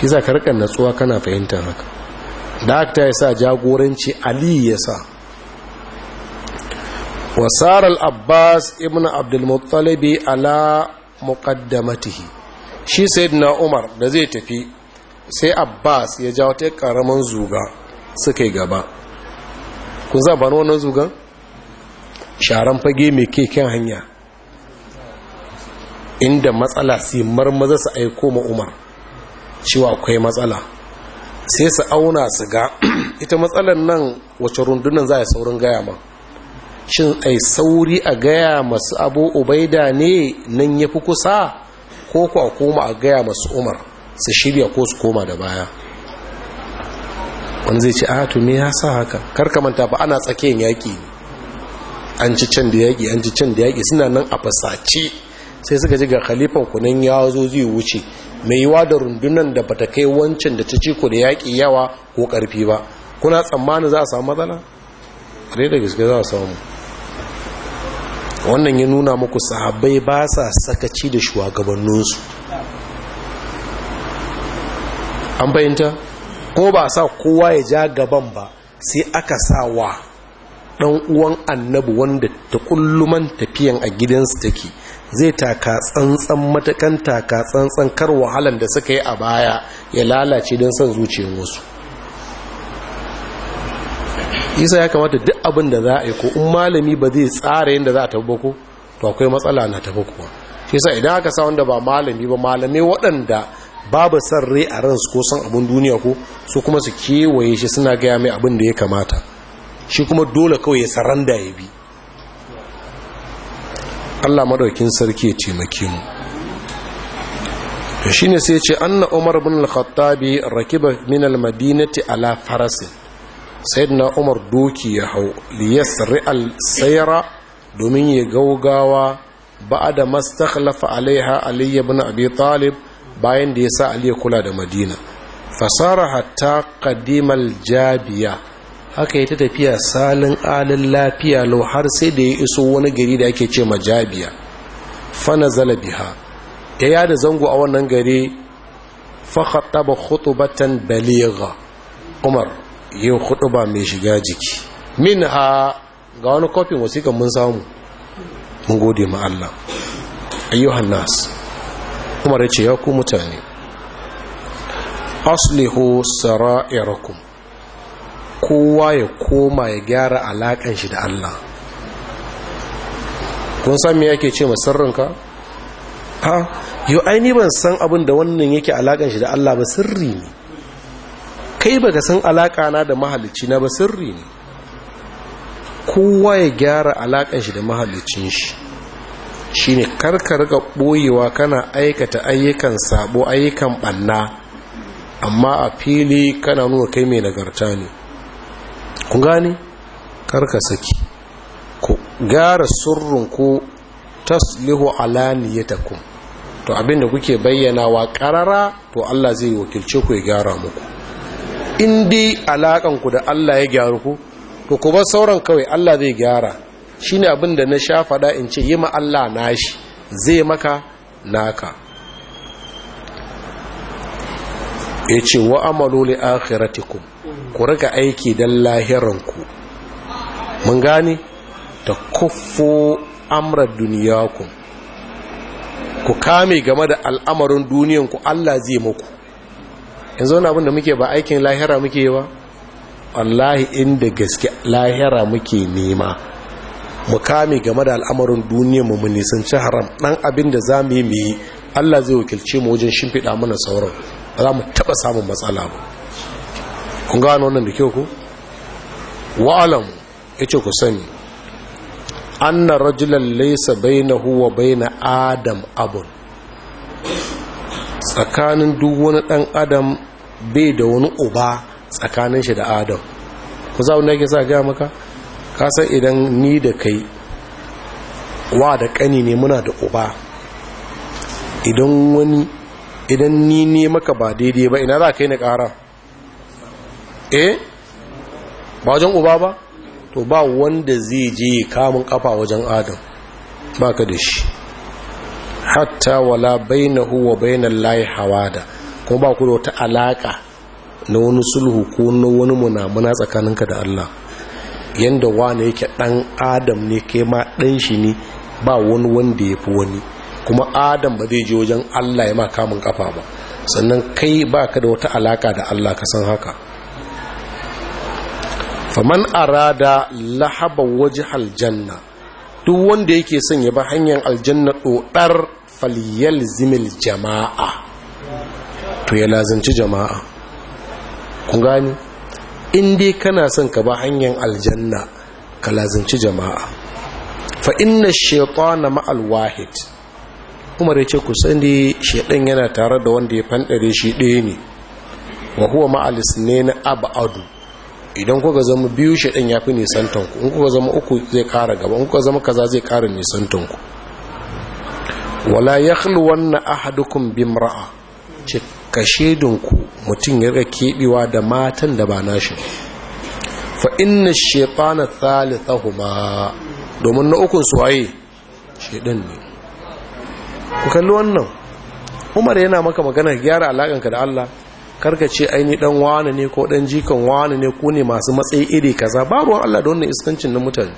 Speaker 1: shi za ka riƙa natsuwa kana fahimta haka da haka ta sa jagoranci ali ya sa wasarar abbas ibn abdulmuttalibi ala muƙaddamatihi shi na umar da zai tafi sai abbas ya ja wata karamin zuga suka yi gaba za bani wannan zugan sharan fage mai keken hanya inda matsala su marmaza su aiko ma umar cewa akwai matsala sai su auna su ga ita matsalar nan wace rundunan za a saurin gaya ma shin ai sauri a gaya masu abu ubaida ne nan ya fi kusa ko ku a koma a gaya masu umar su shirya ko su koma da baya wani zai ce a ah, to me ya sa haka karka manta ba ana tsakiyar yaƙi an ci can da yaƙi an ci can da yaƙi suna nan a fasace sai suka ji ga khalifan kunan ya zo zai wuce mai yiwa da rundunan da bata kai wancan da ta ci ku da yaƙi yawa ko ƙarfi ba kuna tsammanin za a samu matsala? Kare da gaske za a samu. wannan ya nuna muku sahabbai ba sa sakaci da shugabanninsu an fahimta ko ba sa kowa ya ja gaban ba sai aka sa wa ɗan uwan annabi wanda ta kulluman tafiyan a gidansu take zai taka tsantsan matakan taka tsantsan kar wahalan da suka yi a baya ya lalace don son zuciyar wasu isa ya kamata duk abin da za a yi ko in malami ba zai tsara yadda za a tafi ko to akwai matsala na tafi kuwa isa idan aka sa wanda ba malami ba malami waɗanda babu san rai a ransu ko san abin duniya ko su kuma su kewaye shi suna gaya mai abin da ya kamata shi kuma dole kawai ya saranda ya bi Allah madaukin sarki ya taimake mu shi ne sai ce an na umar bin al-khattabi rakiba min al-madinati ala farasin sayyidina umar doki ya hau liyas Rial sayra domin ya gaugawa ba da mastakhlafa alaiha Aliyu ibn abi talib bayan da ya sa ali ya kula da madina fasara hatta qadimal jabiya haka ya ta tafiya salin alin lafiya lau har sai da ya iso wani gari da ake ce majabiya fana biha. ya yada zango a wannan gari fakhattaba khutubatan baligha umar yau hudu ba mai shiga jiki min ha ga wani kofin wasiƙan mun samu mun gode ma Allah ayyuhan nas umar ce ya ku mutane aslihu sara'irakum kowa ya koma ya gyara alaƙan shi da Allah kun sami yake ce masarrinka ha yau aini ban san abin da wannan yake alaƙan shi da Allah ba sirri ne kai ba baka san alaƙa na da mahalicci na ba sirri ne kowa ya gyara alaƙar shi da mahalicin shi shine karkar rika ɓoyewa kana aikata ayyukan sabo ayyukan ɓanna, amma a fili kana nuna kai mai nagarta ne ku gane karka saki ku gyara surrun ku taslihu alaniyatakum to abinda kuke bayyana wa karara to Allah zai wakilce ku ya gyara muku in dai alaƙanku da Allah ya gyaru ku to ku bar sauran kawai Allah zai gyara shine abin da na sha faɗa in ce yi ma Allah nashi zai maka naka ya ce wa amalu li akhiratikum ku rika aiki don lahiranku mun gane ta kuffu amra duniyakum ku kame game da al'amarin duniyanku Allah zai muku yanzu wani abin da muke ba aikin lahira muke yi ba wallahi inda gaske lahira muke nema mu kame game da al'amarin duniya mu nisanci haram ɗan abin da za mu yi mu yi Allah zai wakilce mu wajen shimfiɗa mana sauran ba za mu taɓa samun matsala ba kun gano wannan da kyau ku wa'alam ya ce ku sani an anna rajulan na huwa bai na adam abun tsakanin duk wani ɗan adam bai da wani uba tsakanin shi da adam ku za wanda yake sa gaya maka kasan idan ni da kai wa da ƙani ne muna da uba idan wani idan ni ne maka ba daidai ba ina za ka yi na ƙara eh ba wajen uba ba to ba wanda zai je kamun ƙafa wajen adam ba ka da shi hatta wala bainahu wa bainal lahi hawada kuma ba ku da wata alaka na wani sulhu ko na wani munamuna tsakaninka da Allah yanda wani yake dan adam ne kai ma dan shi ne ba wani wanda yafi wani kuma adam ba zai je wajen Allah ya ma kamun kafa ba sannan kai ba ka da wata alaka da Allah ka san haka faman arada lahaba wajhal janna duk wanda yake son ya ba hanyar aljanna dodar zimil jama'a to ya lazanci jama'a Ku gani in dai kana son ka ba hanyar aljanna ka lazanci jama'a fa inna shaytana ma'al wahid Kuma ya ce ku sani shedan yana tare da wanda ya fandare shi ɗaya ne wa huwa ma'al abu ab'adu idan kuka zama biyu fi nisan nisantanku in kuka zama uku zai kara gaba in kuka zama kaza zai kara nisantanku wala ya wannan ahadukun bimra'a ce ka shaidunku mutum ya rika keɓewa da matan da ba nashi fa inna shaitana thalithahuma domin na ukun suwaye shaidan ne ku kalli wannan umar yana maka maganar gyara alaƙanka da Allah karka ce aini dan wani ne ko dan jikan wani ne ku ne masu matsayi iri kaza babu Allah da wannan iskancin na mutane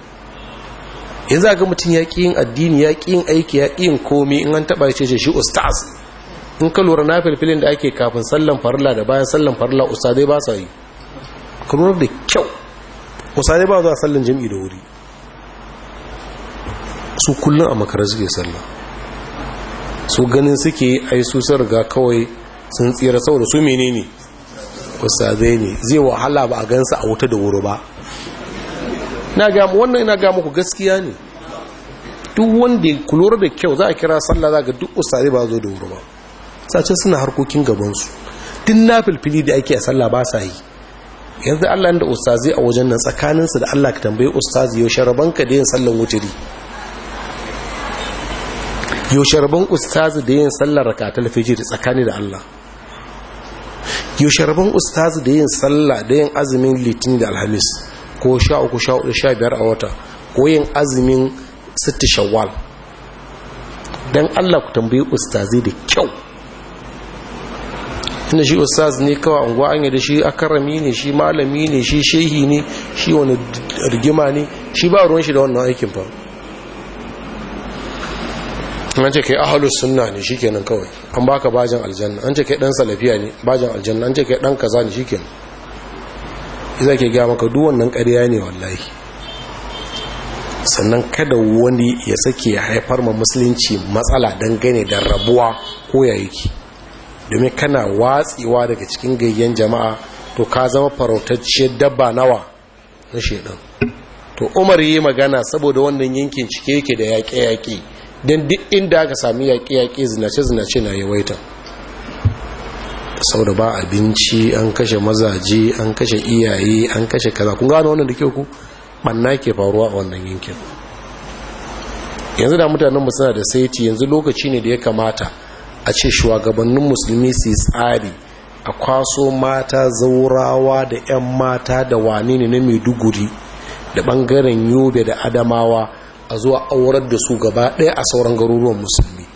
Speaker 1: a ga mutum ya ƙi yin addini ya ƙi yin aiki ya ƙi yin komi in an taɓa ce shi ustaz in ka lura na filfilin da ake kafin sallan farla da bayan sallan farla ustazai ba sa yi ka da kyau ustazai ba zuwa sallan jam'i da wuri su kullum a makarar suke sallah su ganin suke ai su sun riga kawai sun tsira saboda su menene ustazai ne zai wahala ba a gansa a wuta da wuri ba na ga wannan ina gamu ku gaskiya ne duk wanda ku lura da kyau za a kira sallah za ga duk usare ba zo da wuri ba sace suna harkokin gabansu duk na filfili da ake a sallah ba sa yi yanzu Allah da ustazi a wajen nan tsakaninsu da Allah ka tambaye ustazi sharaban ka da yin sallan wuturi yo sharaban ustazi da yin sallar rakatul fijr tsakani da Allah yo sharaban ustazi da yin sallah da yin azumin litinin da alhamis ko sha uku sha hudu sha biyar a wata ko yin azumin sitti shawwal don allah ku tambayi ustazi da kyau Inda shi ustaz ne kawai unguwa an da shi akarami ne shi malami ne shi shehi ne shi wani rigima ne shi ba ruwan shi da wannan aikin fa an ce kai ahalus sunna ne shi kenan kawai an baka bajin aljanna an ce kai dan salafiya ne bajin aljanna an ce kai dan kaza ne shi kenan. za ke gaya maka duwannan karya ne wallahi sannan kada wani ya sake ya haifar ma musulunci matsala dangane da rabuwa ko ya yake domin kana watsewa daga cikin gayyan jama'a to ka zama farautacciyar dabba nawa na shaidan to umar yi magana saboda wannan yankin cike yake da yaƙe-yaƙe don duk inda aka sami yaƙe-yaƙe zinace-zinace na yawaita da ba abinci an kashe mazaje an kashe iyaye an kashe kaza kun gano wannan da ke ku banna ke faruwa a wannan yankin yanzu da mutanenmu suna da saiti yanzu lokaci ne da ya kamata a ce shugabannin musulmi su yi tsari a kwaso mata zaurawa da 'yan mata da wani ne na maiduguri da bangaren yobe da adamawa a zuwa aurar da su gaba ɗaya a sauran garuruwan musulmi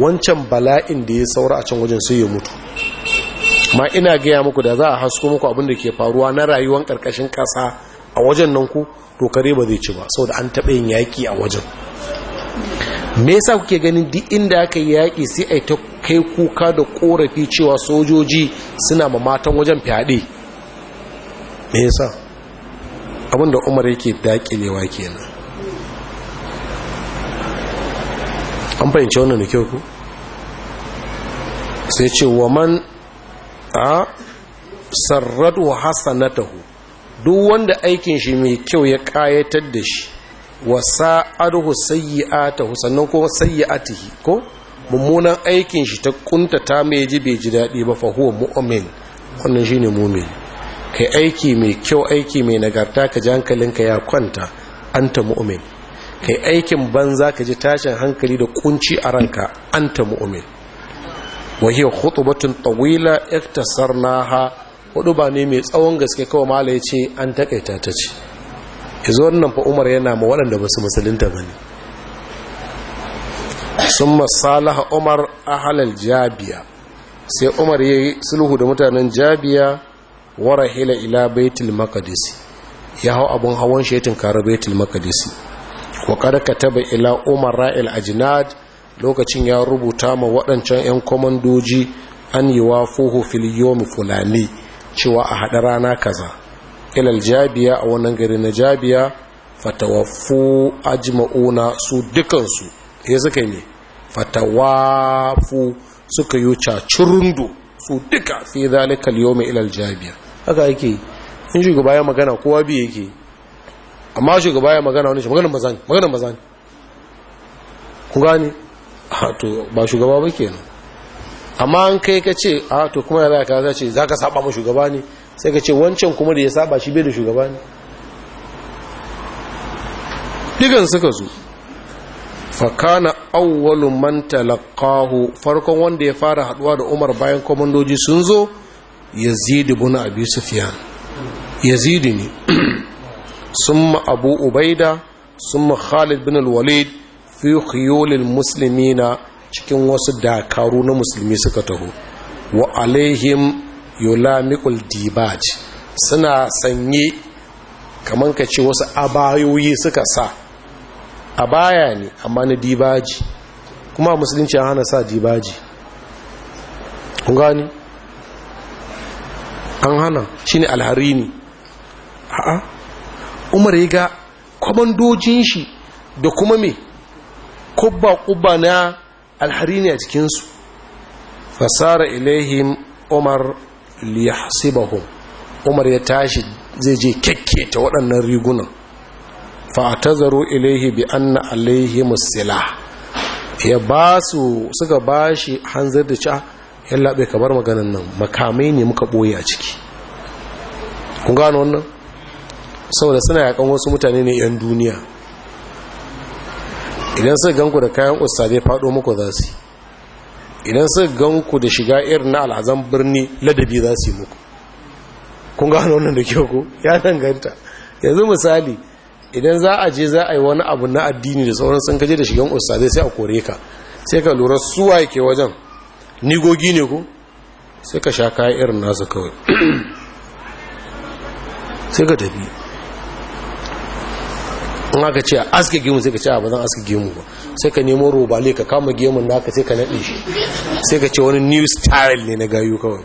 Speaker 1: wancan bala'in da ya saura a can wajen sai ya mutu ma ina gaya muku da za a hasko muku abin da ke faruwa na rayuwar karkashin ƙasa a wajen nan ku to kare ba zai ci ba saboda an taɓa yin yaƙi a wajen me yasa kuke ganin duk inda aka yi yaƙi sai a ta kai kuka da ƙorafi cewa sojoji suna ma matan wajen fyaɗe me yasa abin umar yake daƙilewa kenan an fahimci wannan da kyau ku sai ce wa man a sarradu hasanatahu duk wanda aikin shi mai kyau ya kayatar da shi wa sa'aruhu sayyi'atahu sannan kuma sayyi'atihi ko mummunan aikin shi ta kuntata mai ji bai ji daɗi ba fa huwa mu'min wannan shine mu'min kai aiki mai kyau aiki mai nagarta ka ji hankalinka ya kwanta anta mu'min kai aikin banza ka ji tashin hankali da kunci a ranka anta mu'min wa hiya khutbatun tawila iktasarnaha hudu ba ne mai tsawon gaske kawai mala ya ce an takaita ta ce izo wannan fa umar yana ma waɗanda ba su musulunta ba ne sun masalaha umar ahalal jabiya sai umar ya yi sulhu da mutanen jabiya wara hila ila baitul makadisi ya hau abin hawan shetin kare baitul makadisi wa kada ka taba ila umar ra'il ajinad lokacin ya rubuta ma waɗancan 'yan komandoji an yi wa fuhu filiyomi fulani cewa a haɗa rana kaza ilal jabiya a wannan gari na jabiya fatawafu ajma'una su dukansu ya suka yi fatawafu suka yi cacirundu su duka fi zalika liyomi ilal jabiya haka yake in gaba ya magana kowa biyu yake amma gaba ya magana wani shi maganin bazani maganin bazani ku gani Hato ba shugaba ba kenan amma an kai ka ce a to kuma ya ka za ce za ka saba ma shugaba ne sai ka ce wancan kuma da ya saba shi bai da shugaba ne digan suka zo fakana awwalu man talaqahu farkon wanda ya fara haduwa da Umar bayan komandoji sun zo Yazid ibn Abi Sufyan Yazid ne summa Abu Ubaida summa Khalid bin al-Walid fi khiyolin musulmi na cikin wasu dakaru na musulmi suka taho wa alaihim mikul dibaj suna sanye kaman ka ce wasu abayoyi suka sa abaya ne amma na dibaji kuma musulunci hana sa dibaji kun gani an hana shi ne alharini a'a umar ya ga kwamandojin shi da kuma me kubba kubba na alharini ne a jikinsu fasara ilaihim umar liyahsibahum umar ya tashi zai je kyakketa waɗannan rigunan fa'atazaru ilaihi bi anna alaihi musila ya ba su suka ba shi hanzar da ca ya laɓe kamar maganin nan makamai ne muka ɓoye a ciki kun gano wannan saboda suna yakan wasu mutane ne 'yan duniya idan sai ganku da kayan zai faɗo muku za su idan sai ganku da shiga irin na al'azan birni ladabi za su yi muku kun gano wannan da kyau ko ya danganta yanzu misali idan za a je za a yi wani abu na addini da sauran sun kaje da shigan zai sai a kore ka sai ka lura suwa yake wajen nigogi ne ku sai ka sha kayan irin nasu kawai sai ka tafi in aka ce aske gemu sai ka ce ba zan aske gemu ba sai ka nemo robale ka kama gemun naka sai ka nade shi sai ka ce wani new style ne na gayu kawai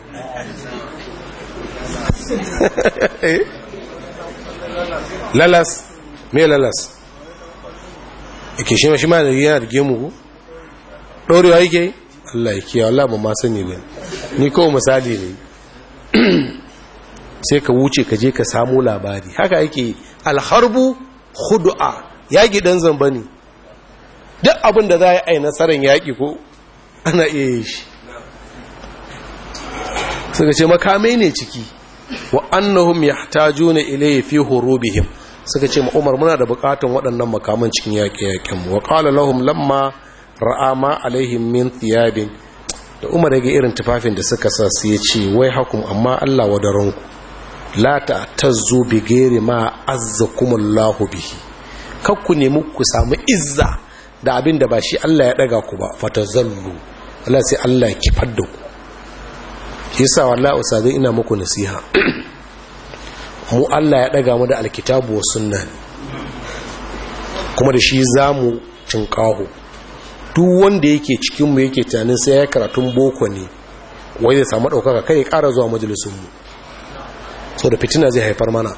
Speaker 1: eh? lalas me lalas yake shi shima shi ma yana da gemu ku ɗorewa yake Allah ya kiyawa Allah ba ma sani ne ni ko misali ne sai ka wuce ka je ka samu labari haka yake alharbu hudu'a yaƙi ɗan zamba ne duk abin da za a yi nasarar yaƙi ko ana iya yi shi suka ce makamai ne ciki wa annahum yahtajuna ya fi horo bihim. suka ce ma Umar muna da bukatun waɗannan makaman cikin yaƙi-yaƙin mu wa qala lahum lamma ra'a ma alaihim min thiyabin da Umar ya ga irin tufafin da suka sa su ya ce wai hakum amma Allah wadaranku la ta tazzo bi gairi ma azzakumullahu bihi kar ku nemi ku samu izza da abin da ba shi Allah ya daga ku ba fatazallu Allah sai Allah ya kifar da ku yasa wallahi ina muku nasiha mu Allah ya daga mu da alkitabu wa sunna kuma da shi zamu cinkaho duk wanda yake cikin mu yake tunanin sai ya karatun boko ne wai zai samu daukaka kai ya ƙara zuwa majalisun mu so da fitina zai haifar mana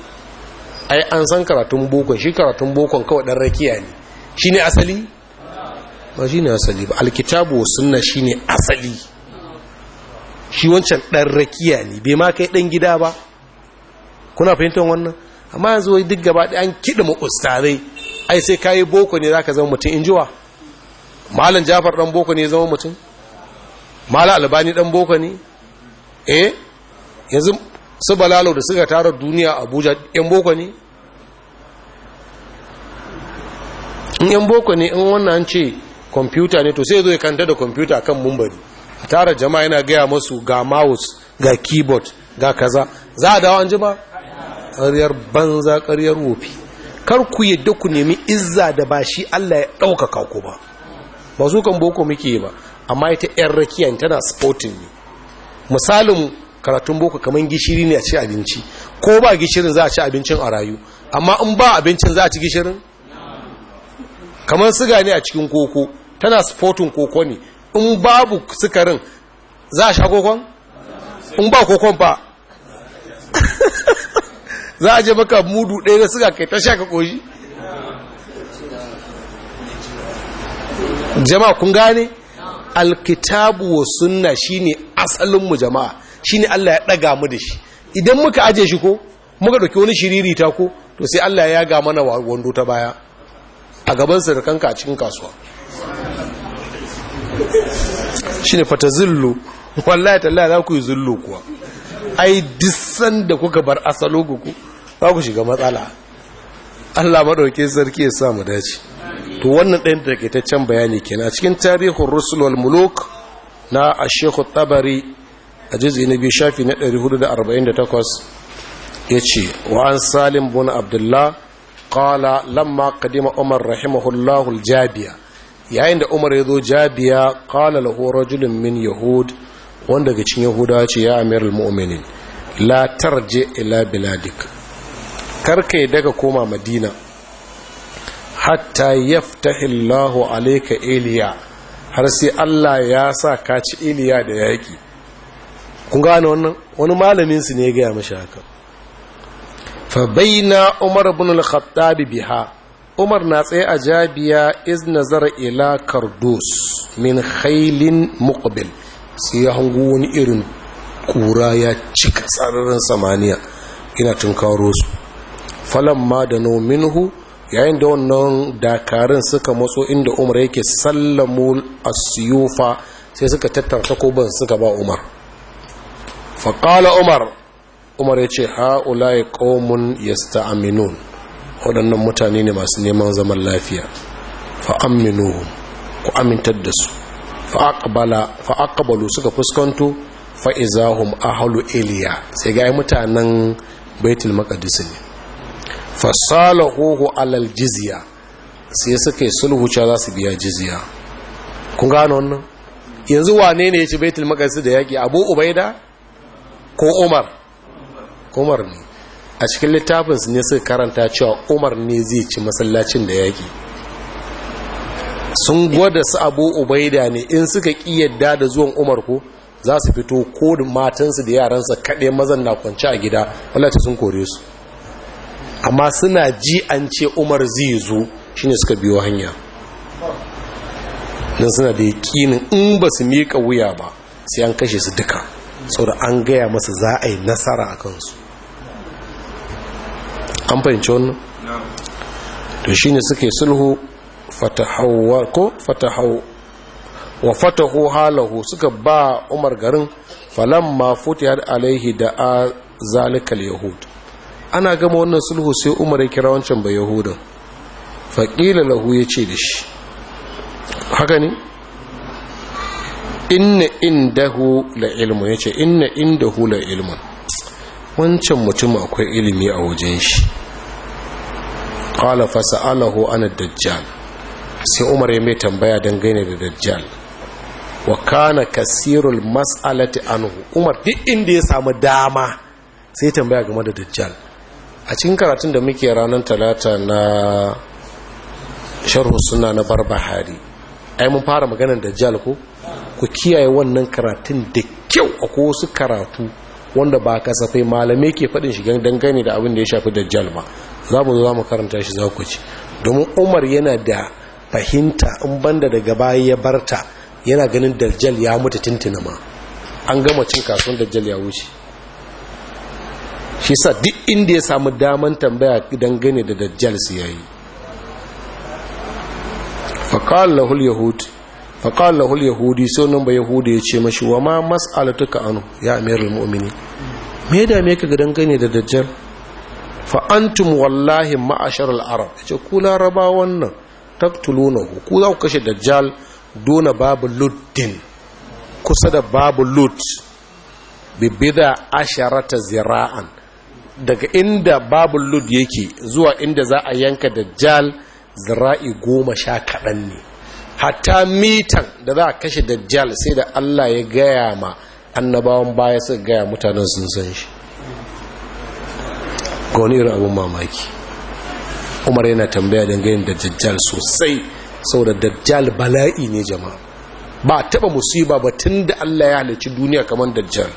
Speaker 1: ai an san karatun bokon shi karatun bokon kawai dan rakiya ne shi ne asali ba shi ne asali ba alkitabu wa sunna shi ne asali shi wancan dan rakiya ne bai ma kai dan gida ba kuna fahimtar wannan amma yanzu wai duk gaba ɗaya an kiɗa mu ustazai ai sai yi boko ne zaka zama mutum injiwa malam jafar dan boko ne zama mutum malam albani dan boko ne eh yanzu su balalo da suka tara duniya abuja yan boko ne in yan boko ne in wannan ce kwamfuta ne to sai zo ya kanta da kwamfuta kan mumbari a tara jama'a yana gaya masu ga mouse ga keyboard ga kaza za a dawo an ji ba ƙaryar banza ƙaryar wofi kar ku yadda ku nemi izza da ba shi allah ya ɗaukaka ku ba ba kan boko muke yi ba amma ita 'yan rakiyan tana sporting ne misalin karatun boko kamar gishiri ne a ci abinci ko ba gishirin za a ci abincin a rayu amma in ba abincin za a ci gishirin kamar siga ne a cikin koko tana sportin koko ne in babu sukarin za a sha kokon in ba kokon ba za a je maka mudu ɗaya da suka kai ta sha ka ƙoshi jama'a kun gane alkitabu wa sunna shine asalinmu jama'a Shi ne Allah ya ɗaga mu da shi idan muka aje shi ko muka ɗauki wani shiriri ta ko to sai Allah ya ga mana wando ta baya a gaban sarkan a cikin kasuwa ne fata zillu wallahi tallahi za ku yi zullu kuwa ai disan da kuka bar asalo ku za ku shiga matsala Allah maɗauke sarki ya samu mu dace to wannan ɗayan da ke ta can bayani kenan cikin tarihin rusul muluk na ashekhu tabari a jizi na biyu shafi na 448 ya ce wa an salim bin abdullah qala lamma kadima umar rahimahullahu aljabiya yayin da umar ya zo jabiya qala lahu rajulun min yahud wanda daga cikin yahuda ce ya amiral mu'minin la tarje ila biladik karka yi daga koma madina hatta yaftahillahu alaika iliya har sai Allah ya sa ka ci iliya da yaƙi. kun gane wannan wani malamin su ne ya gaya mashi haka fa baina umar ibn al-khattab biha umar na tsaye a jabiya iz nazara ila kardus min khailin muqbil sai ya hango wani irin kura ya cika sararin samaniya ina tunkaro su ma da minhu yayin da wannan dakarun suka matso inda umar yake sallamu asyufa sai suka ko koban suka ba umar faƙala umar umar ya ce ha'ulai ƙomun yasta'aminun waɗannan mutane ne masu neman zaman lafiya fa'amminuhu ku amintar da su fa'aƙabalu suka fuskanto fa'izahun ahalu iliya sai ga mutanen baitul maƙadis ne huhu alal jizya sai suka yi sulhu cewa za su biya jizya kun gano wannan yanzu wane ne ya ci baitul maƙadis da yaƙi abu ubaida ko umar umar ne a cikin littafinsu ne suka karanta cewa umar ne zai ci masallacin da yaƙi sun gwada su abu ubaida ne in suka ƙiyadda da zuwan umar ko za su fito ko matansu da yaransa kaɗai mazan na kwanci a gida ta sun kore su amma suna ji an ce umar zai zo shine suka biyo hanya don suna da yaƙinin in ba su miƙa wuya ba sai an kashe su duka da an gaya masa za a yi nasara a kansu an fahimci wannan to ne suke sulhu wa fatahu halahu suka ba umar garin falamma futiyar alaihi da a zalikal yahud ana gama wannan sulhu sai umar ya kira wancan ba yahudan faƙila lahu ya ce da shi haka ne inna indahu la ilmu yace inna indahu la ilmun wancan mutum akwai ilimi a wajen shi qala fasalahu ana dajjal sai umar ya mai tambaya dangane da dajjal wa kana kasirul mas'alati anhu umar duk inda ya samu dama sai tambaya game da dajjal a cikin karatun da muke ranar talata na sharhu sunna na barbahari ai mun fara maganar dajjal ko ku kiyaye wannan karatun da kyau ko wasu karatu wanda ba kasafai malamai ke faɗin shiga dangane da abin da ya shafi dajjal ba za mu zo mu karanta shi za ku ci domin umar yana da fahimta in banda daga baya ya barta yana ganin dajjal ya mutu tintina ma an gama cin kasuwan dajjal ya wuce shi sa duk inda ya samu daman tambaya dangane da dajjal su yayi faƙal lahul yahud faƙal lahul yahudi sai nan ba yahudi ya ce mashi wa ma mas'alatuka anu ya amirul mu'mini me da me ka gadan gane da dajjal fa antum wallahi ma'ashar al-arab yace ku laraba wannan taqtulunahu ku za ku kashe dajjal dona babu luddin kusa da babu lut bibida asharata zira'an daga inda babu lud yake zuwa inda za a yanka dajjal zira'i goma sha kaɗan ne hatta mitan da za a kashe dajjal sai da Allah ya gaya ma annabawan baya suka gaya mutanen sun san shi ga wani abin mamaki umar yana tambaya dangane da dajjal sosai saboda dajjal bala'i ne jama'a ba taba musiba ba tun da Allah ya halarci duniya kamar dajjal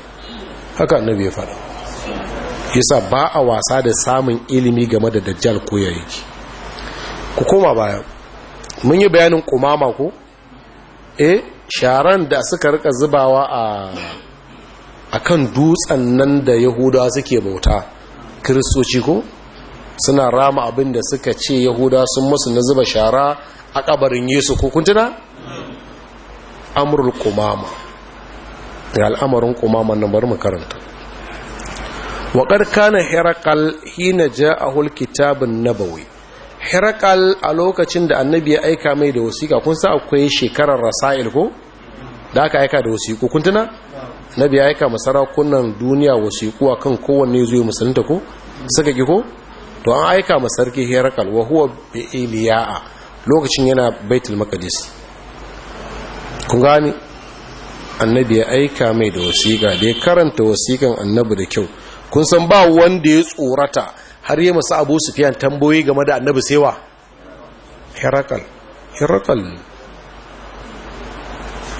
Speaker 1: haka annabi ya faɗa yasa ba a wasa da samun ilimi game da dajjal ko ku koma baya mun yi bayanin kumama ko eh sharan da suka rika zubawa a akan dutsen nan da yahudawa suke bauta kiristoci ko suna rama abin da suka ce Yahudawa sun musu na zuba shara a kabarin yesu ko kuntuna amurul kumama da al'amarin kumama na bari mu karanta waƙar kana herakal hina ja a hulkitabin nabawi hirakal a lokacin da annabi ya aika mai da wasiƙa kun sa akwai shekarar rasa'il ko da aka aika da wasiƙo kun tuna annabi ya aika sarakunan duniya wasiƙu akan kowanne zuwa musulunta ko suka ki ko to an aika ma sarki hirakal wa huwa bi lokacin yana baitul makadis. kun gani annabi ya aika mai da wasiƙa da ya karanta wasiƙan annabi da kyau kun san ba wanda ya tsorata har yi masu abu fiye tamboyi game da annabi sewa herakal herakal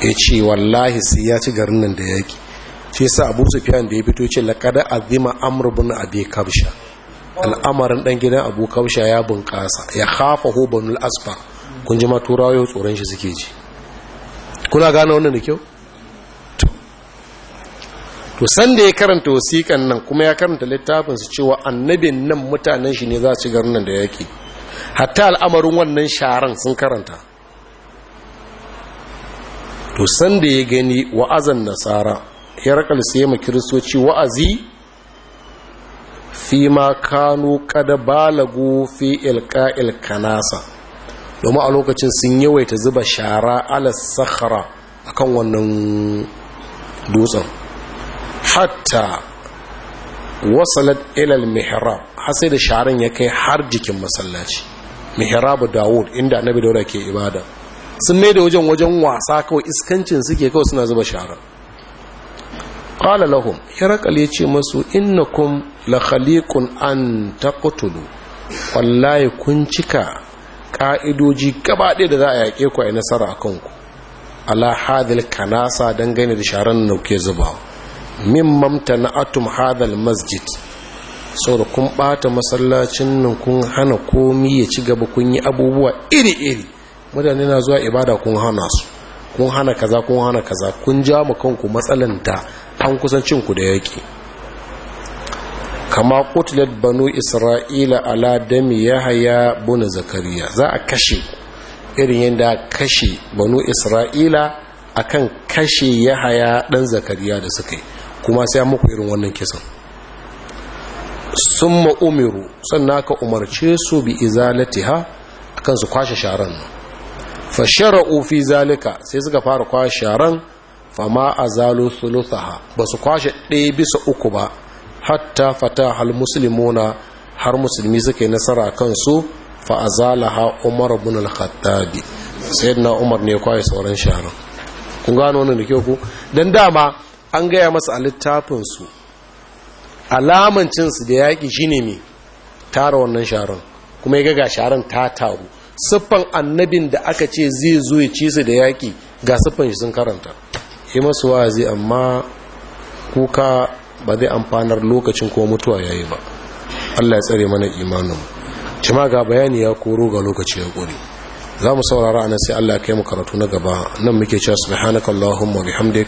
Speaker 1: ya ce wallahi sai ya ci garin nan da yaki ce sa abu su fiye da ya fito ce laƙada azima amurbin abu kabsha al'amarin ɗan gidan abu kabsha ya bunƙasa ya hafa hobanul asfa kun ji ma turawa tsoron shi suke ji kuna gane wannan da kyau to da ya karanta wasiƙan nan kuma ya karanta su cewa annabin nan mutanen shi ne za su garin nan da yake hatta al'amarin wannan sharan sun karanta to da ya gani wa'azan nasara ya rakal sai ma kiristoci wa'azi fi ma kanu kada balagu fi ilka'il kanasa domin a lokacin sun yawaita zuba shara ala sakhara akan wannan dutsen hatta wasalat ilal mihrab har sai da sharan ya kai har jikin masallaci mihrab dawud inda annabi dauda ke ibada sun mai da wajen wajen wasa kawai iskancin suke kawai suna zuba sharan qala lahum hirakal yace masu innakum la khaliqun an taqtulu wallahi kun cika ka'idoji gaba ɗaya da za a yaƙe ku a nasara a kanku ala hadil kanasa dangane da sharan nauke zubawa na Atum hadal masjid saboda kun bata masallacin nan kun hana komi ya ci gaba kun yi abubuwa iri-iri mutane na zuwa ibada kun hana su kun hana kaza kun hana kaza kun ja mu kanku matsalan an kusancin ku da yake kama kutlet banu isra'ila ala dami haya buna zakariya za a kashe irin yadda kashe banu isra'ila akan kashe ya haya dan zakariya da suka yi kuma sai muku irin wannan kisan sun ma'umiru sannan aka umarce su bi izalatiha akan su kwashe sharan fa shara'u zalika sai suka fara kwashe sharan fama a zalo ha ba su kwashe ɗaya bisa uku ba hatta fata hal musulmona har musulmi suka yi nasara kansu fa a ha umar bin al-khattabi na umar ne kwashe sauran sharan kun gano wannan da kyau ku dan dama an gaya masu a littafinsu alamancinsu da yaƙi shine mai tara wannan sharon kuma ya ga sharon ta taru siffan annabin da aka ce zai zo ya ci su da yaƙi ga siffan shi sun karanta yi masu wazi amma kuka ba zai amfanar lokacin ko mutuwa yayi ba Allah ya tsare mana imanin ma ga bayani ya koro ga lokaci ya ƙuri za mu saurara nan sai Allah ya kai mu karatu na gaba nan muke cewa subhanakallahumma bihamdik